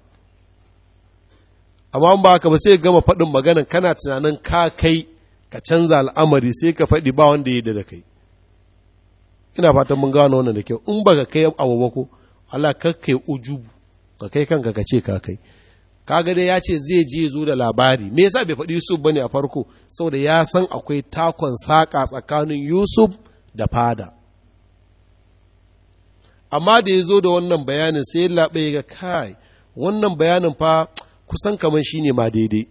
amma ba ka ba sai gama faɗin maganan kana tunanin ka kai ka canza al'amari sai ka faɗi ba wanda ya da kai ina fatan mun gano wannan da kyau in baka kai abu ba ko Allah kakkai ujubu ka kai kanka ka ce ka kai kaga dai ya ce zai je zo da labari me yasa bai faɗi Yusuf bane a farko saboda ya san akwai takon saƙa tsakanin Yusuf da fada amma da ya zo da wannan bayanin sai ya laɓe ga kai wannan bayanin fa kusan kamar shi ne ma daidai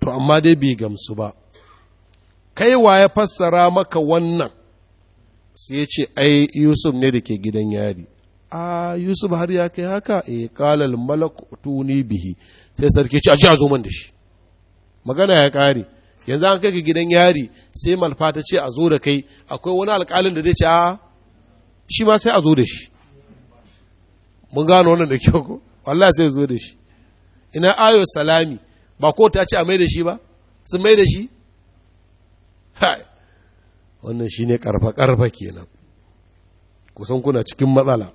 to amma dai bai gamsu ba kai wa ya fassara maka wannan sai ya ce ai yusuf ne da ke gidan yari a yusuf har ya kai haka e eh, kalal malak tuni bihi sai sarki ci a ji a zo man da shi magana ya kare yanzu an kai ka gidan yari sai malfa ta ce a zo da kai akwai wani alƙalin da zai ce a shi ma sai a zo da shi mun gano wannan da kyau ko wallahi sai zo da shi ina ayo salami ba ko ta ce a mai da shi ba sun mai da shi wannan shine karfa karfa kenan kusan kuna cikin matsala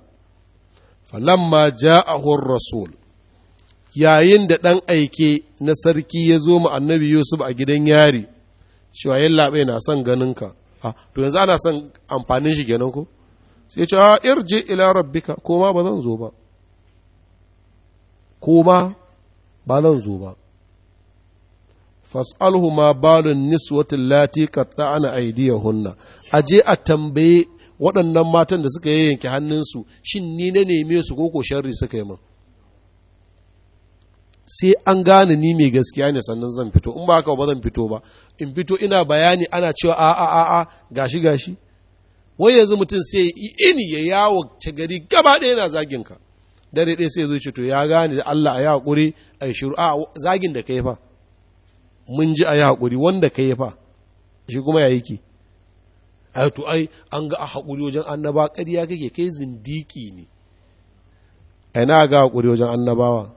falamma ja'ahur rasul yayin da ɗan aike na sarki ya zo ma annabi yusuf a gidan yari cewa laɓe na son ganin ka. to yanzu ana son amfanin shi kenan ko sai ce a irji ila rabbika ko ba zan zo ba ko ba zan zo ba fas'alhu ma balun niswatin lati qatta'ana aydiyahunna aje a tambaye waɗannan matan da suka yanke hannunsu shin ni na neme su ko ko sharri suka yi min sai an gane ni mai gaskiya ne sannan zan fito in ba haka ba zan fito ba in fito ina bayani ana cewa a a a a gashi gashi wai yanzu mutum sai ini ya yawo ta gari gaba ɗaya na zagin ka dare ɗaya sai zo ce to ya gane da Allah a yi haƙuri a yi shiru a zagin da ka yi fa mun ji a yi haƙuri wanda ka yi fa shi kuma ya yi ki a eh, to ai an ga a haƙuri wajen annaba ƙarya kake kai zindiki ne ai eh, na ga haƙuri wajen annabawa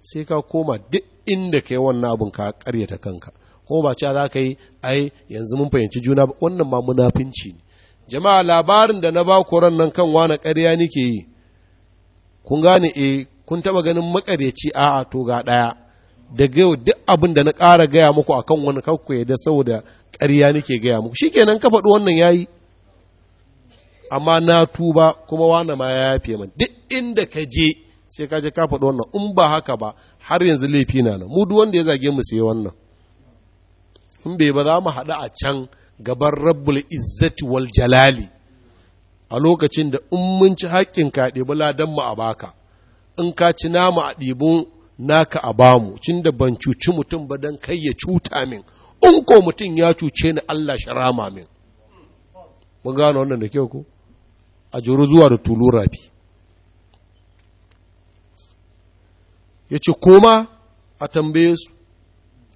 sai ka koma duk inda yi wannan abin ka ƙaryata kanka kuma ba cewa za ka yi ai yanzu mun fahimci juna ba wannan ma munafinci ne jama'a labarin da na ba ku ran nan kan wani ƙarya nike yi kun gane eh kun taɓa ganin maƙaryaci a'a to ga ɗaya daga yau duk abin da na ƙara gaya muku akan wani kakku ya da saboda ƙarya nake gaya muku shikenan ka faɗi wannan yi amma na tuba kuma wane ma ya yafe man duk inda ka je sai ka je ka faɗi wannan in ba haka ba har yanzu laifi na nan mu wanda ya zage mu sai wannan in bai ba za mu haɗu a can gaban rabbul izzati wal jalali a lokacin da in mun ci haƙƙin kaɗe ɗebi ladan mu a baka in ka ci namu a ɗibin naka a bamu cin ban cuci mutum ba don kai ya cuta min in ko mutum ya cuce ni Allah sharama min mun gano wannan da kyau ko a juru zuwa da tulu rafi ya ce koma a tambaye su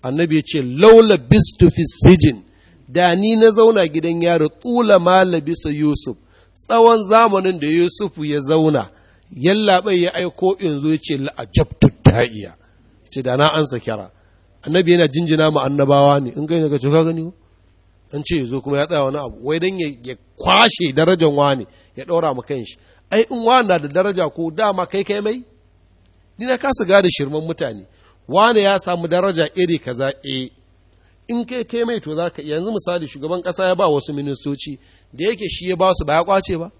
annabi ya ce laula bistu fi sijin da ni na zauna gidan yaro tsula mala bisa yusuf tsawon zamanin da yusuf ya zauna yallaɓai ya aiko yanzu zo ya ce la'ajabtu da'iya ce da na ansa kira annabi yana jinjina ma annabawa ne in kai ka ce ka gani an ce zo kuma ya tsaya wani abu wai dan ya kwashe darajar wani ya ɗaura ma kanshi ai in wani da daraja ko dama kai kai mai ni na kasa gane shirman mutane wani ya samu daraja iri kaza e in kai kai mai to zaka yanzu misali shugaban kasa ya ba wasu ministoci da yake shi ya ba su ba ya kwace ba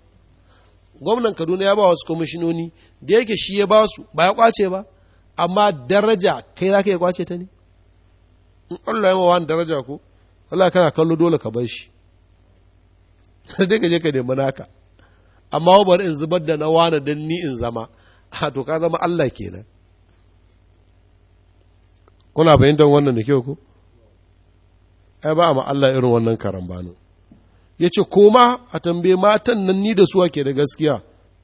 gwamnan kaduna ya ba wasu kwamishinoni da yake shi ya ba su ba ya kwace ba amma daraja kai za ka iya kwace ta ne in allah ya mawa daraja ko allah kana kallo dole ka bar shi sai [LAUGHS] ka je ka nemi naka amma bari in zubar da na wani don ni in zama [LAUGHS] a to ka zama allah kenan kuna fahimtar wannan da kyau ko ai ba ma allah irin wannan karambano ya ce koma a tambaye matan nan ni da su ake da gaskiya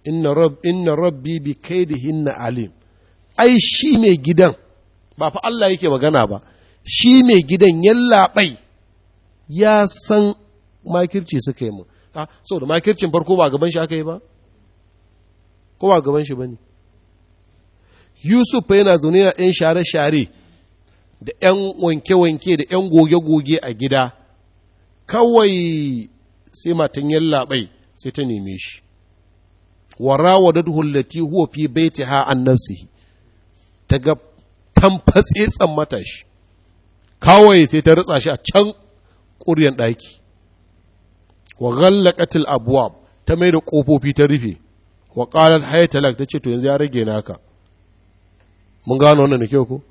inna rab inna rabbi bi hinna alim ai shi mai gidan ba fa Allah yake magana ba shi mai gidan yallaɓai ya san makirci suka yi mu ha ah, da makircin farko ba gaban shi aka yi ba ko ba gaban shi bane Yusuf yana zaune a yan share-share da ‘yan wanke-wanke da ‘yan goge-goge a gida, kawai sai matan yallaɓai sai ta neme shi wa rawadathu allati huwa fi baitiha an nafsihi ta ga tamfatse tsan shi kawai sai ta ritsa shi a can ƙuryan ɗaki wa ghallaqatil abwab ta mai da ƙofofi ta rufe wa qalat haytalak ta ce to yanzu ya rage naka mun gano wannan da ko ko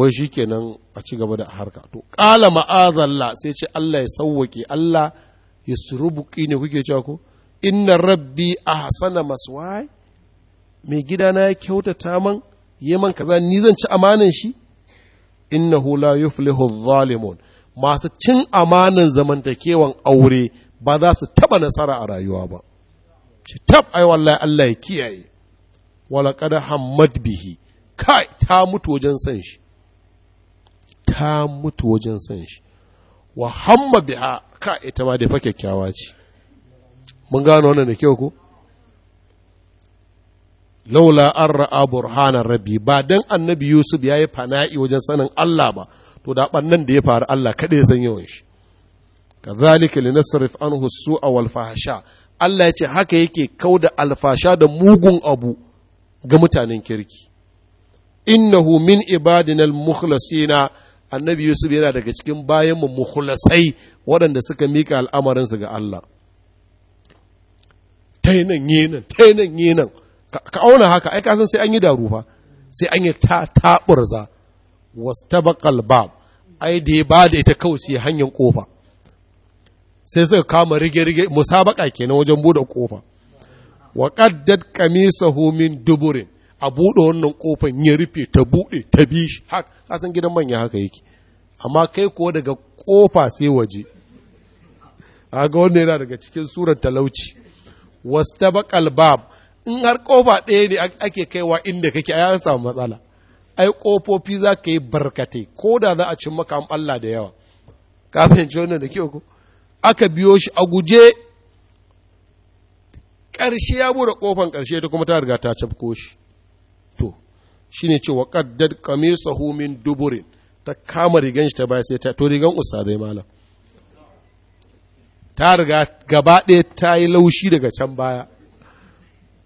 wai shikenan a ci gaba da harka to qala ma'azalla sai ce Allah ya sauwake Allah yasrubuki ne kuke cewa ko inna rabbi ahsana maswai mai gidana ya kyautata man man kaza ni zan ci amanan shi innahu la yuflihu zalimun masu cin amanan zamantakewan aure ba za su taba nasara a rayuwa ba ci tab ai wallahi Allah ya kiyaye wala qad hammad bihi kai ta mutu wajen san shi ta mutu wajen san shi wa hamma biha ka ita ma da fa kyakkyawa ce mun gano wannan da kyau ko laula an ra'a burhanan rabbi ba dan annabi yusuf ya yi fana'i wajen sanin allah ba to da ɓannan da ya faru allah kaɗai san yawan shi kazalika linasrif anhu su'a wal fahsha allah ya ce haka yake da alfasha da mugun abu ga mutanen kirki innahu min ibadinal mukhlasina annabi yusuf yana daga cikin bayan mu mukhlasai waɗanda suka mika al'amarinsu ga Allah tainan yenan tainan yenan ka auna haka ai kasan sai an yi daru sai an yi ta taburza wastabaqal bab ai da ya ba ita kawai hanyar kofa sai suka kama rige-rige musabaka kenan wajen bude kofa wa qaddat qamisahu min duburin a buɗe wannan kofan ya rufe ta buɗe ta bi shi haka kasan gidan manya haka yake amma kai kuwa daga ƙofa sai waje a ga wannan yana daga cikin surar talauci wasta baƙal bab in har ƙofa ɗaya ne ake kaiwa inda kake a ya samu matsala ai ƙofofi za ka yi barkatai ko da za a cin maka Allah da yawa ka fahimci wannan da kyau ko aka biyo shi a guje ƙarshe ya bude ƙofan ƙarshe ta kuma ta riga ta cafko shi shine ce wa qaddad qamisahu min duburin ta kama rigan shi ta baya sai ta to rigan zai malam ta riga gaba ɗaya ta yi laushi daga can baya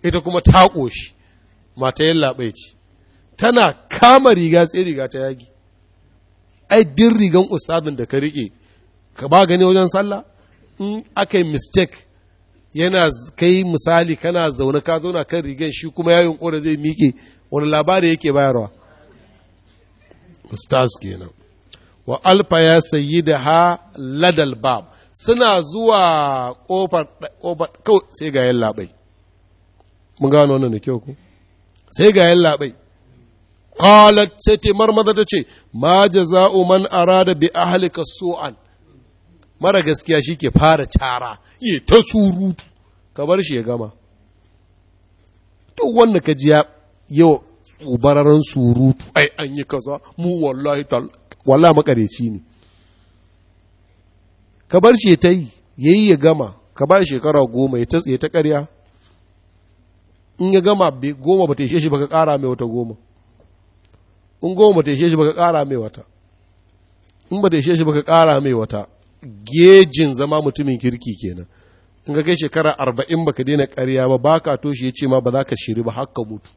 ita kuma ta ƙoshi mata yin labai ce tana kama riga sai riga ta yagi ai din rigan ustazin da ka riƙe ka ba gani wajen sallah in aka yi mistake yana kai misali kana zaune ka zauna kan rigan shi kuma yayin kora zai miƙe wani labari yake bayarwa ustaz kenan wa alfa ya sayi da ha ladal bab suna zuwa kofar kawai sai ga yan labai mun gano wannan da kyau ku sai ga yan labai qalat sai ta marmaza ta ce ma jaza'u man arada bi ahlika su'an mara gaskiya shi ke fara cara yi ta surutu ka bar shi ya gama duk wanda ka ji ya yau tsubararan surutu ai an yi kaza mu wallahi tal wallahi makareci ne ka bar shi ta yi yayi ya gama ka ba shekara goma ya ta karya in ya gama goma ba ta ishe shi ba ka kara mai wata goma in goma ba ta ishe shi ba ka kara mai wata in ba ta ishe shi ba ka kara mai wata gejin zama mutumin kirki kenan in ka kai shekara arba'in ka daina karya ba ba ka toshe ya ce ma ba za ka shiri ba haka mutu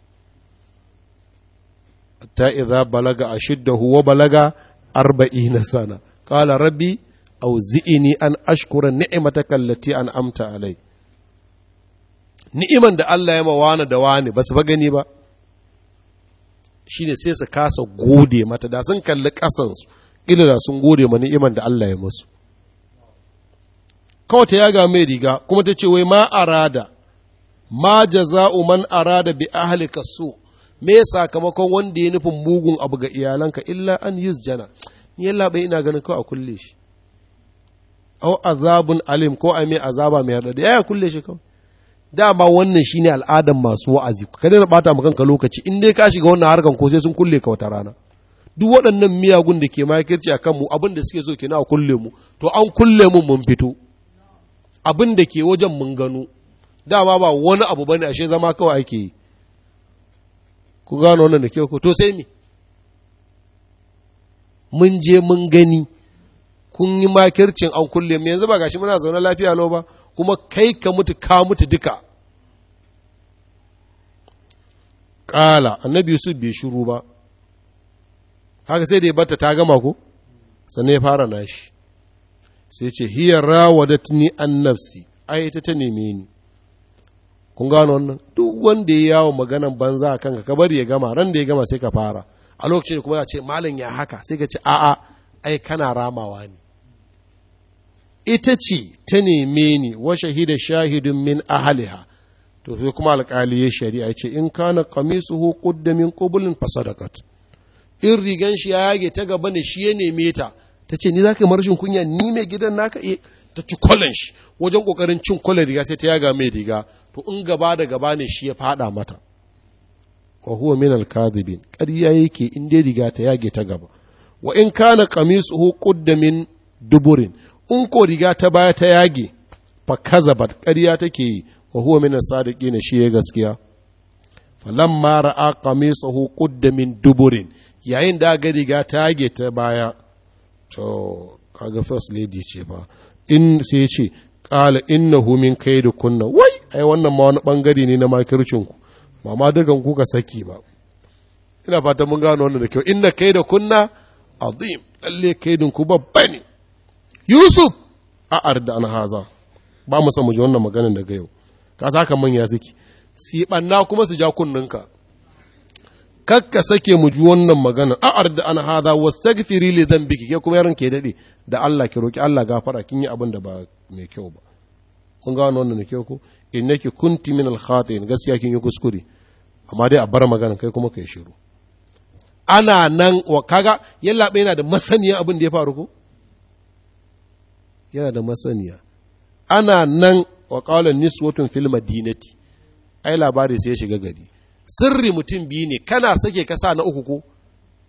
ta iza balaga ashiddahu huwa balaga arba'ina sana kala rabbi auzi'ini an ashkura ni'mataka an amta alai ni'iman da Allah ya mawana da wani ba su gani ba shine sai su kasa gode mata da sun kalli kasansu ila da sun gode ma ni'iman da Allah ya masu. kawai ta yaga mai riga kuma ta ce wai ma arada ma jaza'u man arada bi ahlika su me sakamakon wanda ya nufin mugun abu ga iyalanka illa an jana? ni yalla bai ina ganin kawai a kulle shi au azabun alim ko ai mai azaba mai da ya kulle shi kawai dama wannan shine al'adan masu wa'azi ka daina bata maka kanka lokaci in dai ka shiga wannan harkan ko sai sun kulle ka wata rana duk waɗannan miyagun da ke makirci a kanmu abin da suke so kenan a kulle mu to an kulle mu mun fito abin da ke wajen mun gano dama ba wani abu bane ashe zama kawai ake yi ku gano wannan da kyau ko to sai me mun je mun gani kun yi makircin an kulle mu yanzu ba gashi muna zaune lafiya lau ba kuma kai ka mutu ka mutu duka Kala annabi su bai shiru ba haka sai da ya bata ta gama ko sannan ya fara nashi sai ce hiya rawadatni an nafsi ai ta ta neme ni kun gano wannan duk wanda ya yawo maganan banza a kanka ka bari ya gama ran da ya gama sai ka fara a lokacin kuma ya ce malam ya haka sai ka ce a'a ai kana ramawa ne ita ce ta neme ni wa shahida shahidun min ahliha to sai kuma alƙali ya shari'a ce in kana qamisuhu qudda min qublin fasadaqat in rigan shi ya yage ta gaba ne shi ya neme ta ta ce ni za ka yi marashin kunya ni mai gidan naka e ta ci kwalan shi wajen kokarin cin kwalan riga sai ta yaga mai riga to in gaba da gaba ne shi ya fada mata wa huwa min al-kadhibin ƙarya yake in dai riga ta yage ta gaba wa in kana qamisuhu qudda min duburin in ko riga ta baya ta yage fa kazabat ƙarya take yi wa huwa min as-sadiqin shi ya gaskiya falamma ra'a qamisuhu qudda min duburin yayin da ga riga ta yage ta baya to kaga first lady ce ba. in sai ya ce ƙala innahu min da kunna wai ai wannan ma wani ɓangare ne na makircinku ba ma ku kuka saki ba ina fata mun gano wannan da kyau inna da kunna azim lalle kaidin ku babba ne yusuf a arda an haza ba mu samu mu ji wannan maganin daga yau ka saka manya suke si banna kuma su ja kunninka kakka sake mu ji wannan magana a arda an hada wastagfiri li dhanbiki ke kuma yaron ke dade da Allah ki roki Allah gafara kin yi abin da ba mai kyau ba kun ga wannan ne kyau ko innaki kunti min al khatin gaskiya kin yi kuskure amma dai a bar magana kai kuma kai shiru ana nan wa kaga yalla yana da masaniya abin da ya faru ko yana da masaniya ana nan wa qala niswatun fil madinati ai labari sai ya shiga gari sirri mutum biyu ne kana sake kasa na uku ko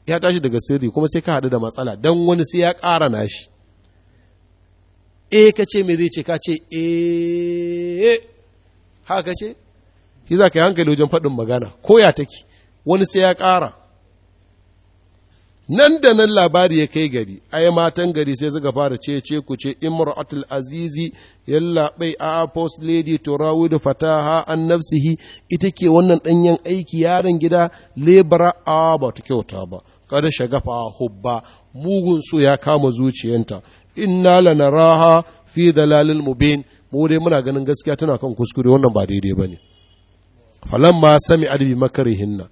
ya tashi daga sirri kuma sai ka hadu da matsala don wani sai ya ƙara nashi e ka ce me zai ce ka ce eh haka ce shi za ka yi hankali wajen faɗin magana ko ya take wani sai ya ƙara nan da nan labari ya kai gari ai matan gari sai suka fara ce ce ku ce imratul azizi yalla bai a post lady rawu da fataha an nafsihi ita ke wannan ɗanyen aiki yaron gida lebara a ba ta kyauta ba kada shagafa hubba mugun so ya kama zuciyanta inna lanaraha fi dalalil mubin mu dai muna ganin gaskiya tana kan kuskure wannan ba daidai bane falamma sami adabi makarihinna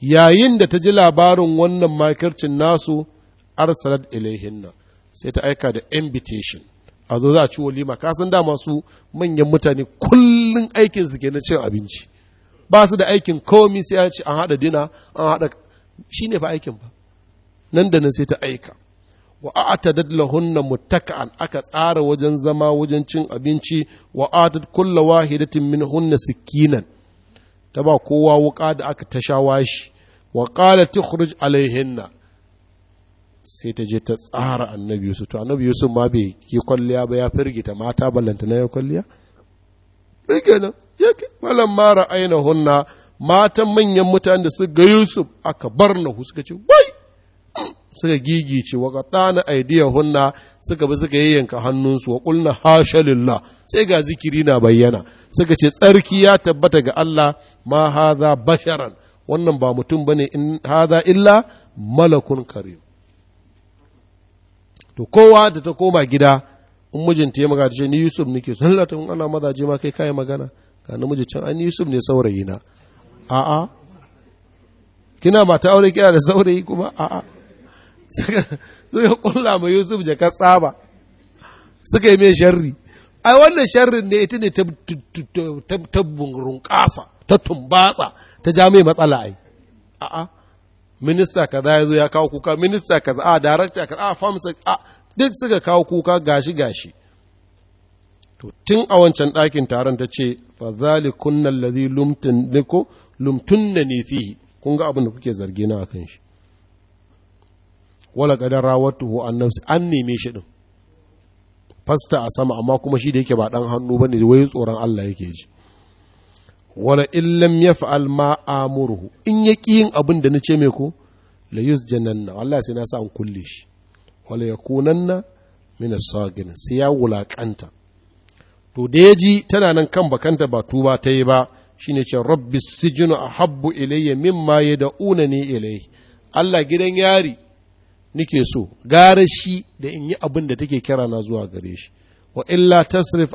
yayin da ta ji labarin wannan makircin nasu arsalat ilaihinna sai ta aika da invitation a zo za a ci walima ka san dama su manyan mutane kullun aikin su kenan cin abinci ba su da aikin komi sai an ci an haɗa dina an haɗa shine fa aikin ba nan da nan sai ta aika wa atadad lahunna muttaka'an aka tsara wajen zama wajen cin abinci wa atad kullu wahidatin minhunna sikinan ta ba kowa wuka da aka ta shawashi wa qala tukhruj alaihinna sai ta je ta tsara annabi yusuf to annabi yusuf ma bai yi kwalliya ba ya firgita mata ballanta na ya kwalliya kenan yake malam mara aina hunna matan manyan mutane da su ga yusuf aka bar na suka ce wai suka gigice wa qatana aydiyahunna suka bi suka yayyanka hannunsu wa kulna hashalillah sai ga zikiri na bayyana suka ce tsarki ya tabbata ga Allah ma hadha basharan wannan ba mutum bane in hadha illa malakun karim to kowa da ta koma gida in mijinta ya magana ce ni Yusuf nake so Allah ta ana mazaje ma kai kai magana ga namiji can an Yusuf ne saurayi na a'a kina mata aure kina da saurayi kuma a'a suka kulla ma Yusuf jaka tsaba suka yi mai sharri ai wannan sharrin ne ita ne ta ta runƙasa ta tumbatsa ta ja mai matsala ai a'a minista kaza ya zo ya kawo kuka minista kaza a darakta kaza a famsa a duk suka kawo kuka gashi gashi to tun a wancan ɗakin taron ta ce fa zalikunna allazi lumtun niko na ne fihi kun ga abin da kuke zargi na kan shi wala qadar hu an nafsi an neme shi din fasta a sama amma kuma shi da yake ba dan hannu bane wai tsoron Allah yake ji wala illam yaf'al ma amuruhu in yaki yin abin da nace mai ko la yusjananna wallahi sai na sa an kulle shi wala yakunanna min as-sagin sai ya wulakanta to da yaji tana nan kan bakanta ba tuba ta yi ba shine ce rabbi sijnu ahabbu ilayya mimma yad'unani ilayhi Allah gidan yari nike so gara shi da in yi abin da take kira na zuwa gare shi wa illa tasrif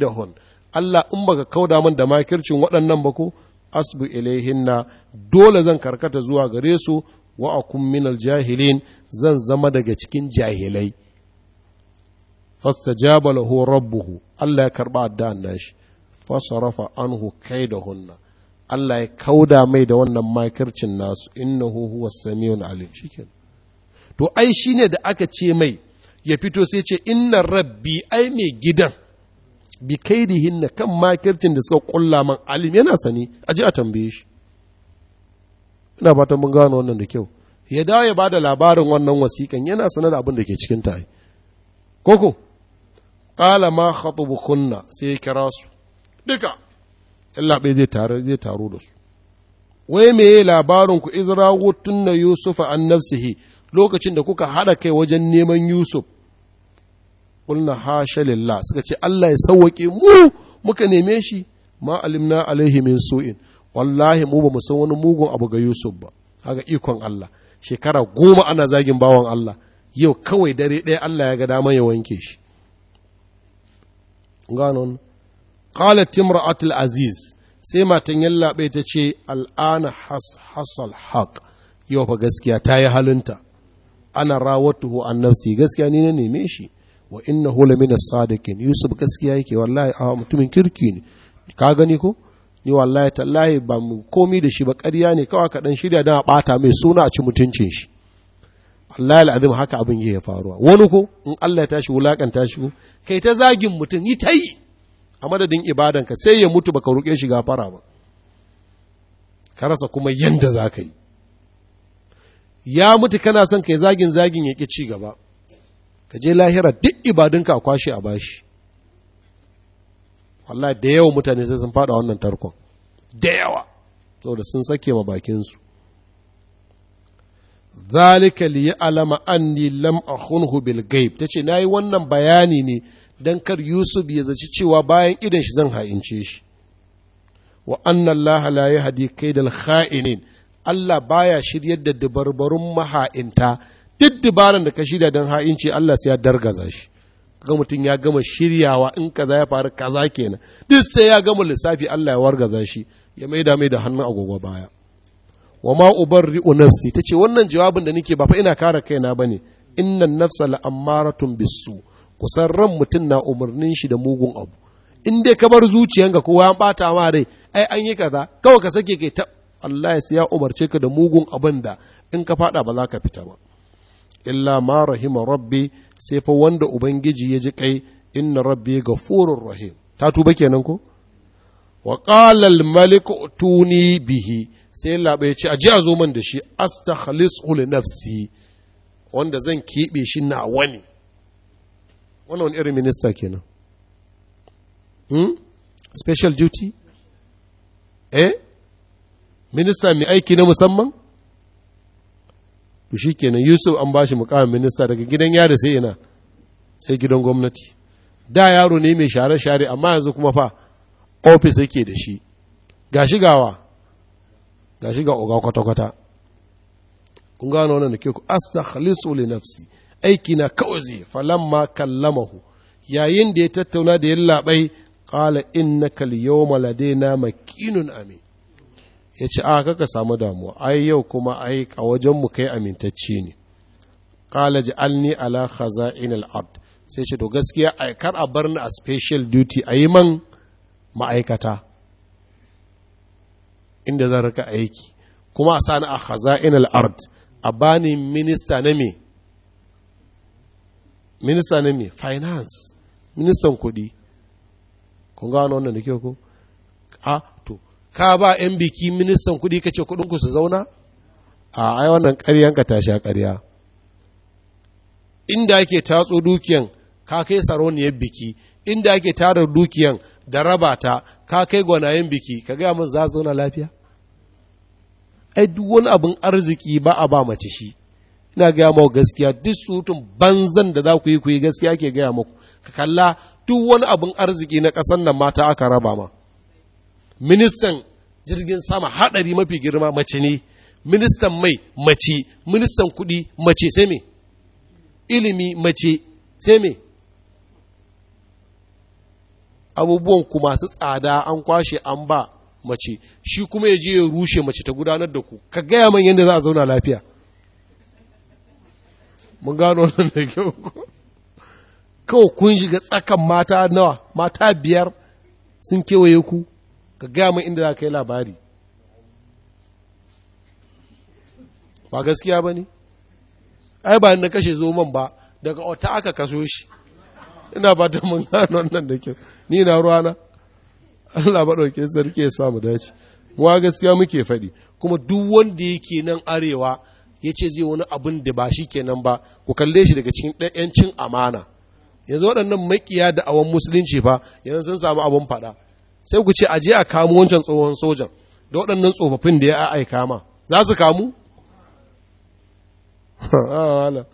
da hun Allah in baka kauda min da makircin waɗannan ba ko asbu ilaihinna dole zan karkata zuwa gare su wa akum minal jahilin zan zama daga cikin jahilai fastajaba lahu rabbuhu Allah ya karba addu'an nashi fasarafa anhu na Allah ya kauda mai da wannan makircin nasu innahu huwas samiun alim shikenan to ai shi ne da aka ce mai ya fito sai ce inna rabbi ai mai gidan bi kaidihinna kan makircin da suka kulla man alim yana sani a ji a tambaye shi ina fatan mun gano wannan da kyau ya dawo ya da labarin wannan wasiƙan yana sanar da abin da ke cikin tayi koko qala ma khatubukunna sai ya kira su duka illa bai zai tare zai taro da su wai meye labarin ku izra na yusufa an nafsihi lokacin da kuka haɗa kai wajen neman Yusuf ƙulna hasha lillah suka ce Allah ya sauwake mu muka neme shi ma alimna alaihi min su'in wallahi mu ba mu san wani mugun abu ga Yusuf ba haka ikon Allah shekara goma ana zagin bawan Allah yau kawai dare ɗaya Allah ya ga dama ya wanke shi ganon Timur Atul aziz sai matan yallaɓe ta ce al'ana has hasal haq yau fa gaskiya ta yi halinta ana rawatuhu an nafsi gaskiya ni na neme shi wa hula mina sadakin yusuf gaskiya yake wallahi a mutumin kirki ne ka gani ko ni wallahi tallahi ba mu komi da shi ba ƙarya ne kawai ka dan shirya dan a bata mai suna a ci mutuncin shi Allah al'azim haka abin ya faruwa wani ko in Allah ya tashi wulakanta shi ko kai ta zagin mutum yi ta a madadin ibadanka sai ya mutu baka roƙe shi gafara ba ka rasa kuma yanda za yi ya mutu kana son kai zagin zagin ya ƙi ci gaba ka je lahira duk ibadunka a kwashe a bashi wallahi da yawa mutane sai sun fada wannan tarkon da yawa saboda sun sake ma bakinsu zalika li ya'lama anni lam akhunhu bil ghaib tace nayi wannan bayani ne dan kar Yusuf ya zaci cewa bayan idan shi zan ha'ince shi wa anna allaha la yahdi kaidal kha'inin Allah baya shiryar da dabarbarun maha'inta duk dabaran da ka shirya don ha'inci Allah sai ya dargaza shi ga mutum ya gama shiryawa in kaza ya faru kaza kenan duk sai ya gama lissafi Allah ya wargaza shi ya maida mai da hannun agogo baya wa ma ri'u nafsi ta ce wannan jawabin da nake ba fa ina kare kaina bane innan nafsa la'ammaratun bisu kusan ran mutum na umarnin shi da mugun abu in dai ka bar zuciyanka kowa ya bata ma rai ai an yi kaza kawai ka sake kai ta Allah ya ya umarce ka da mugun abin da in ka fada ba za ka fita ba illa ma rahima rabbi sai fa wanda ubangiji ya ji kai inna rabbi ghafurur rahim ta tuba kenan ko wa qala al malik tuni bihi sai laba ya ce aje a zo man da shi astakhlis li nafsi wanda zan keɓe shi na wani wannan wani irin minista kenan hmm? special duty eh minista mai aiki na musamman to shi kenan yusuf an ba shi mukamin minista daga gidan yari sai ina sai gidan gwamnati da yaro ne mai share-share amma yanzu kuma fa ofis yake da shi ga shigawa ga shiga oga kwata-kwata kun gano wannan da ke ku Khalisu li nafsi aiki na kawai zai falamma kallamahu yayin da ya tattauna da yallaɓai kala na al-yawma ladaina makinun amin ya ce a ah, kaka samu damuwa ai yau kuma ai a wajenmu kai amintacce ne qala ja'alni ala khaza'in inal art sai ce to gaskiya ai kar a bar ni a special duty yi man ma'aikata inda zan rika aiki kuma a sani a khaza'in inal art a bani minista na me minista na me finance ministan kuɗi kun gano wannan da kyau ko a ah, ka ba 'yan biki ministan kuɗi kace ku su zauna a ai wannan ƙaryan ka tashi a ƙarya inda ake tatso dukiyan ka kai saroniyar biki inda ake tara dukiyan da raba ta ka kai gwanayen biki ka gaya min za su zauna lafiya ai duk wani abin arziki ba a ba mace shi ina gaya mawa gaskiya duk sutun banzan da za ku yi ku yi gaskiya ke gaya muku ka kalla duk wani abin arziki na kasan nan mata aka raba ma ministan jirgin sama haɗari mafi girma mace ne ministan mai mace ministan kuɗi mace sai me ilimi mace sai me abubuwan ku masu tsada an kwashe an ba mace shi kuma ya je ya rushe mace ta gudanar da ku ka gaya man yadda za a zauna lafiya mun gano wannan da kyau kawai kun shiga tsakan mata nawa mata biyar sun kewaye ku ka gaya mai inda za ka yi labari ba gaskiya ba ne ai ba na kashe zoman ba daga wata aka kaso shi ina ba da mun gano nan da kyau ni na ruwana Allah ba ɗauke sarki ya samu dace wa gaskiya muke faɗi kuma duk wanda yake nan arewa ya ce zai wani abin da ba shi kenan ba ku kalle shi daga cikin cin amana yanzu waɗannan makiya da awon musulunci fa yanzu sun samu abin faɗa sai ku ce aje a kamo wancan tsohon sojan da waɗannan tsofaffin da ya aika ma za su kamu [LAUGHS] ah,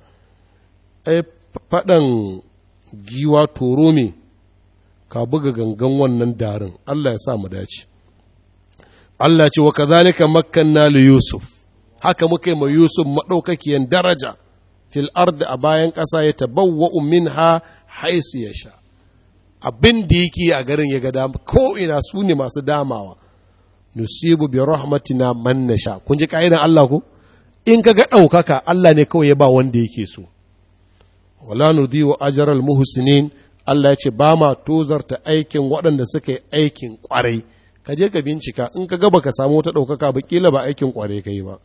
ai faɗan giwa toro me ka buga gangan wannan darin Allah ya sa mu dace Allah ce wa kazalika makkanna li Yusuf haka muka yi ma Yusuf madaukakiyan daraja fil a bayan ƙasa ya tabawwa minha haisu ya sha abin da yake a garin ya ga dama ko ina su ne masu damawa nusibu bi rahmatina man nasha kun ji ka'idan Allah ko in ka ga ɗaukaka Allah ne kawai ya ba wanda yake so wala nudiwa ajral muhsinin Allah ya ce ba ma tozarta aikin waɗanda suka yi aikin ƙwarai. ka je ka bincika in ka ga baka samu wata ɗaukaka ba kila ba aikin kwarai ka yi ba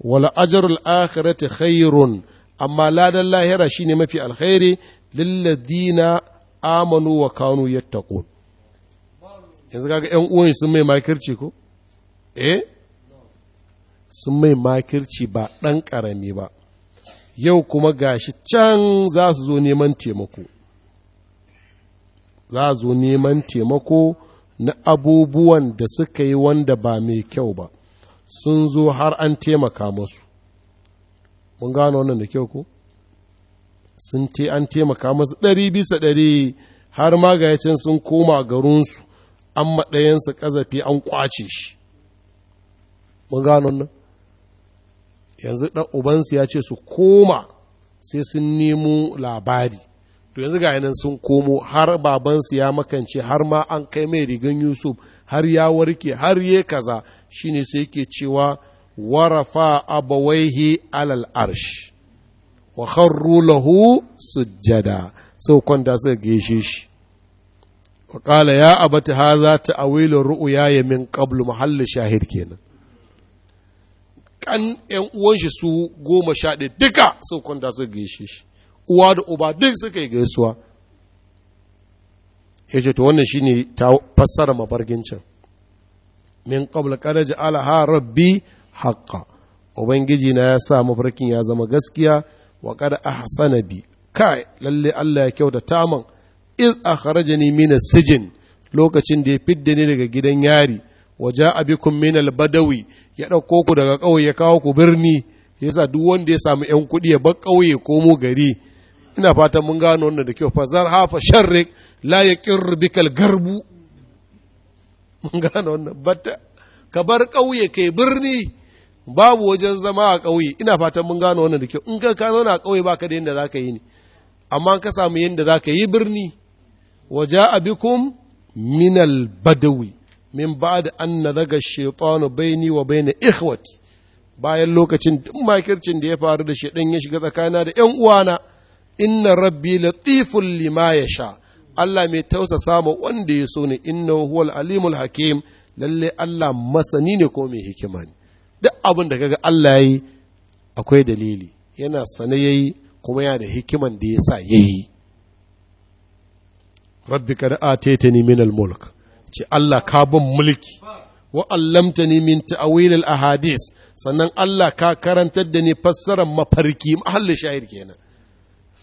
wala ajrul akhirati khairun amma ladan lahira shine mafi alkhairi lilladina amanu wa kanu yattaqu yanzu kaga ƴan uwan sun mai makirci ko eh sun mai makirci ba ɗan ƙarami ba yau kuma gashi can za su zo neman taimako za zo neman taimako na abubuwan da suka yi wanda ba mai kyau ba sun zo har an taimaka masu mun gano wannan da kyau ko sun te an taimaka masu ɗari bisa ɗari har magayacin sun koma garinsu an maɗayensu ƙazafi an ƙwace shi mun gano nan yanzu ɗan ubansu ya ce su koma sai sun nemo labari to yanzu ga nan sun komo har babansu ya makance har ma an kai mai rigan yusuf har ya warke har ya kaza shine sai yake cewa warafa abawaihi alal arshi. wa kharru lahu sujjada sau kwanta suka gaishe shi wa kala ya abati hadha ta'wilu ru'ya min qablu mahall shahid kenan kan yan uwan shi su goma sha duka sau kwanta suka gaishe shi uwa da uba duk suka yi gaisuwa ya ce to wannan shine ta fassara mafarkin can min qabla qad ja'ala ha rabbi haqqan ubangiji na ya sa mafarkin ya zama gaskiya wa qad ahsana bi kai lalle Allah ya kyautata min iz akhrajani min as-sijn lokacin da ya fidda ni daga gidan yari wa ja'a bikum min al-badawi ya dauko ku daga kauye ya kawo ku birni yasa duk wanda ya samu yan kuɗi ya bar kauye ko mu gari ina fatan mun gano wannan da kyau fa zar hafa sharrik la yaqir bikal garbu mun gano wannan batta ka bar kauye kai birni babu wajen zama a ƙauye ina fatan mun gano wannan da kyau in ka ka zauna a ƙauye baka da yadda zaka yi ne amma ka samu yadda zaka yi birni waja abikum min al-badawi min ba'd an nadaga shaytanu baini wa baina ikhwati bayan lokacin duk makircin da ya faru da shedan ya shiga tsakana da ƴan uwana inna rabbi latiful lima yasha Allah mai tausa samu wanda ya so ne inna huwal alimul hakim lalle Allah masani ne ko mai hikima ne duk abin da kaga Allah ya yi akwai dalili yana sane ya yi kuma yana da hikiman da ya sa ya yi rabbi kada a teta ni minal mulk ce Allah ka bin mulki wa allamtani min ta'awil al ahadis sannan Allah ka karantar da ni fassarar mafarki mahallin shahir kenan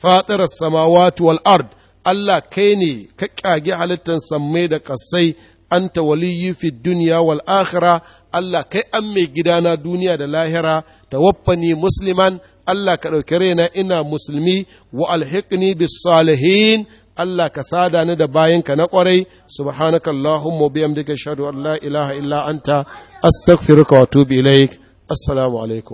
fatirar samawati wal ard Allah kai ne ka kyage halittar samai da kasai anta waliyyi fi dunya wal akhirah Allah kai an mai gidana duniya da lahira tawaffani musliman Allah ka ɗauki raina ina musulmi wa alhiqni bis salihin Allah ka sada ni da bayanka na ƙwarai subhanaka allahumma bihamdika ashhadu an la ilaha illa anta astaghfiruka wa atubu ilaik assalamu alaikum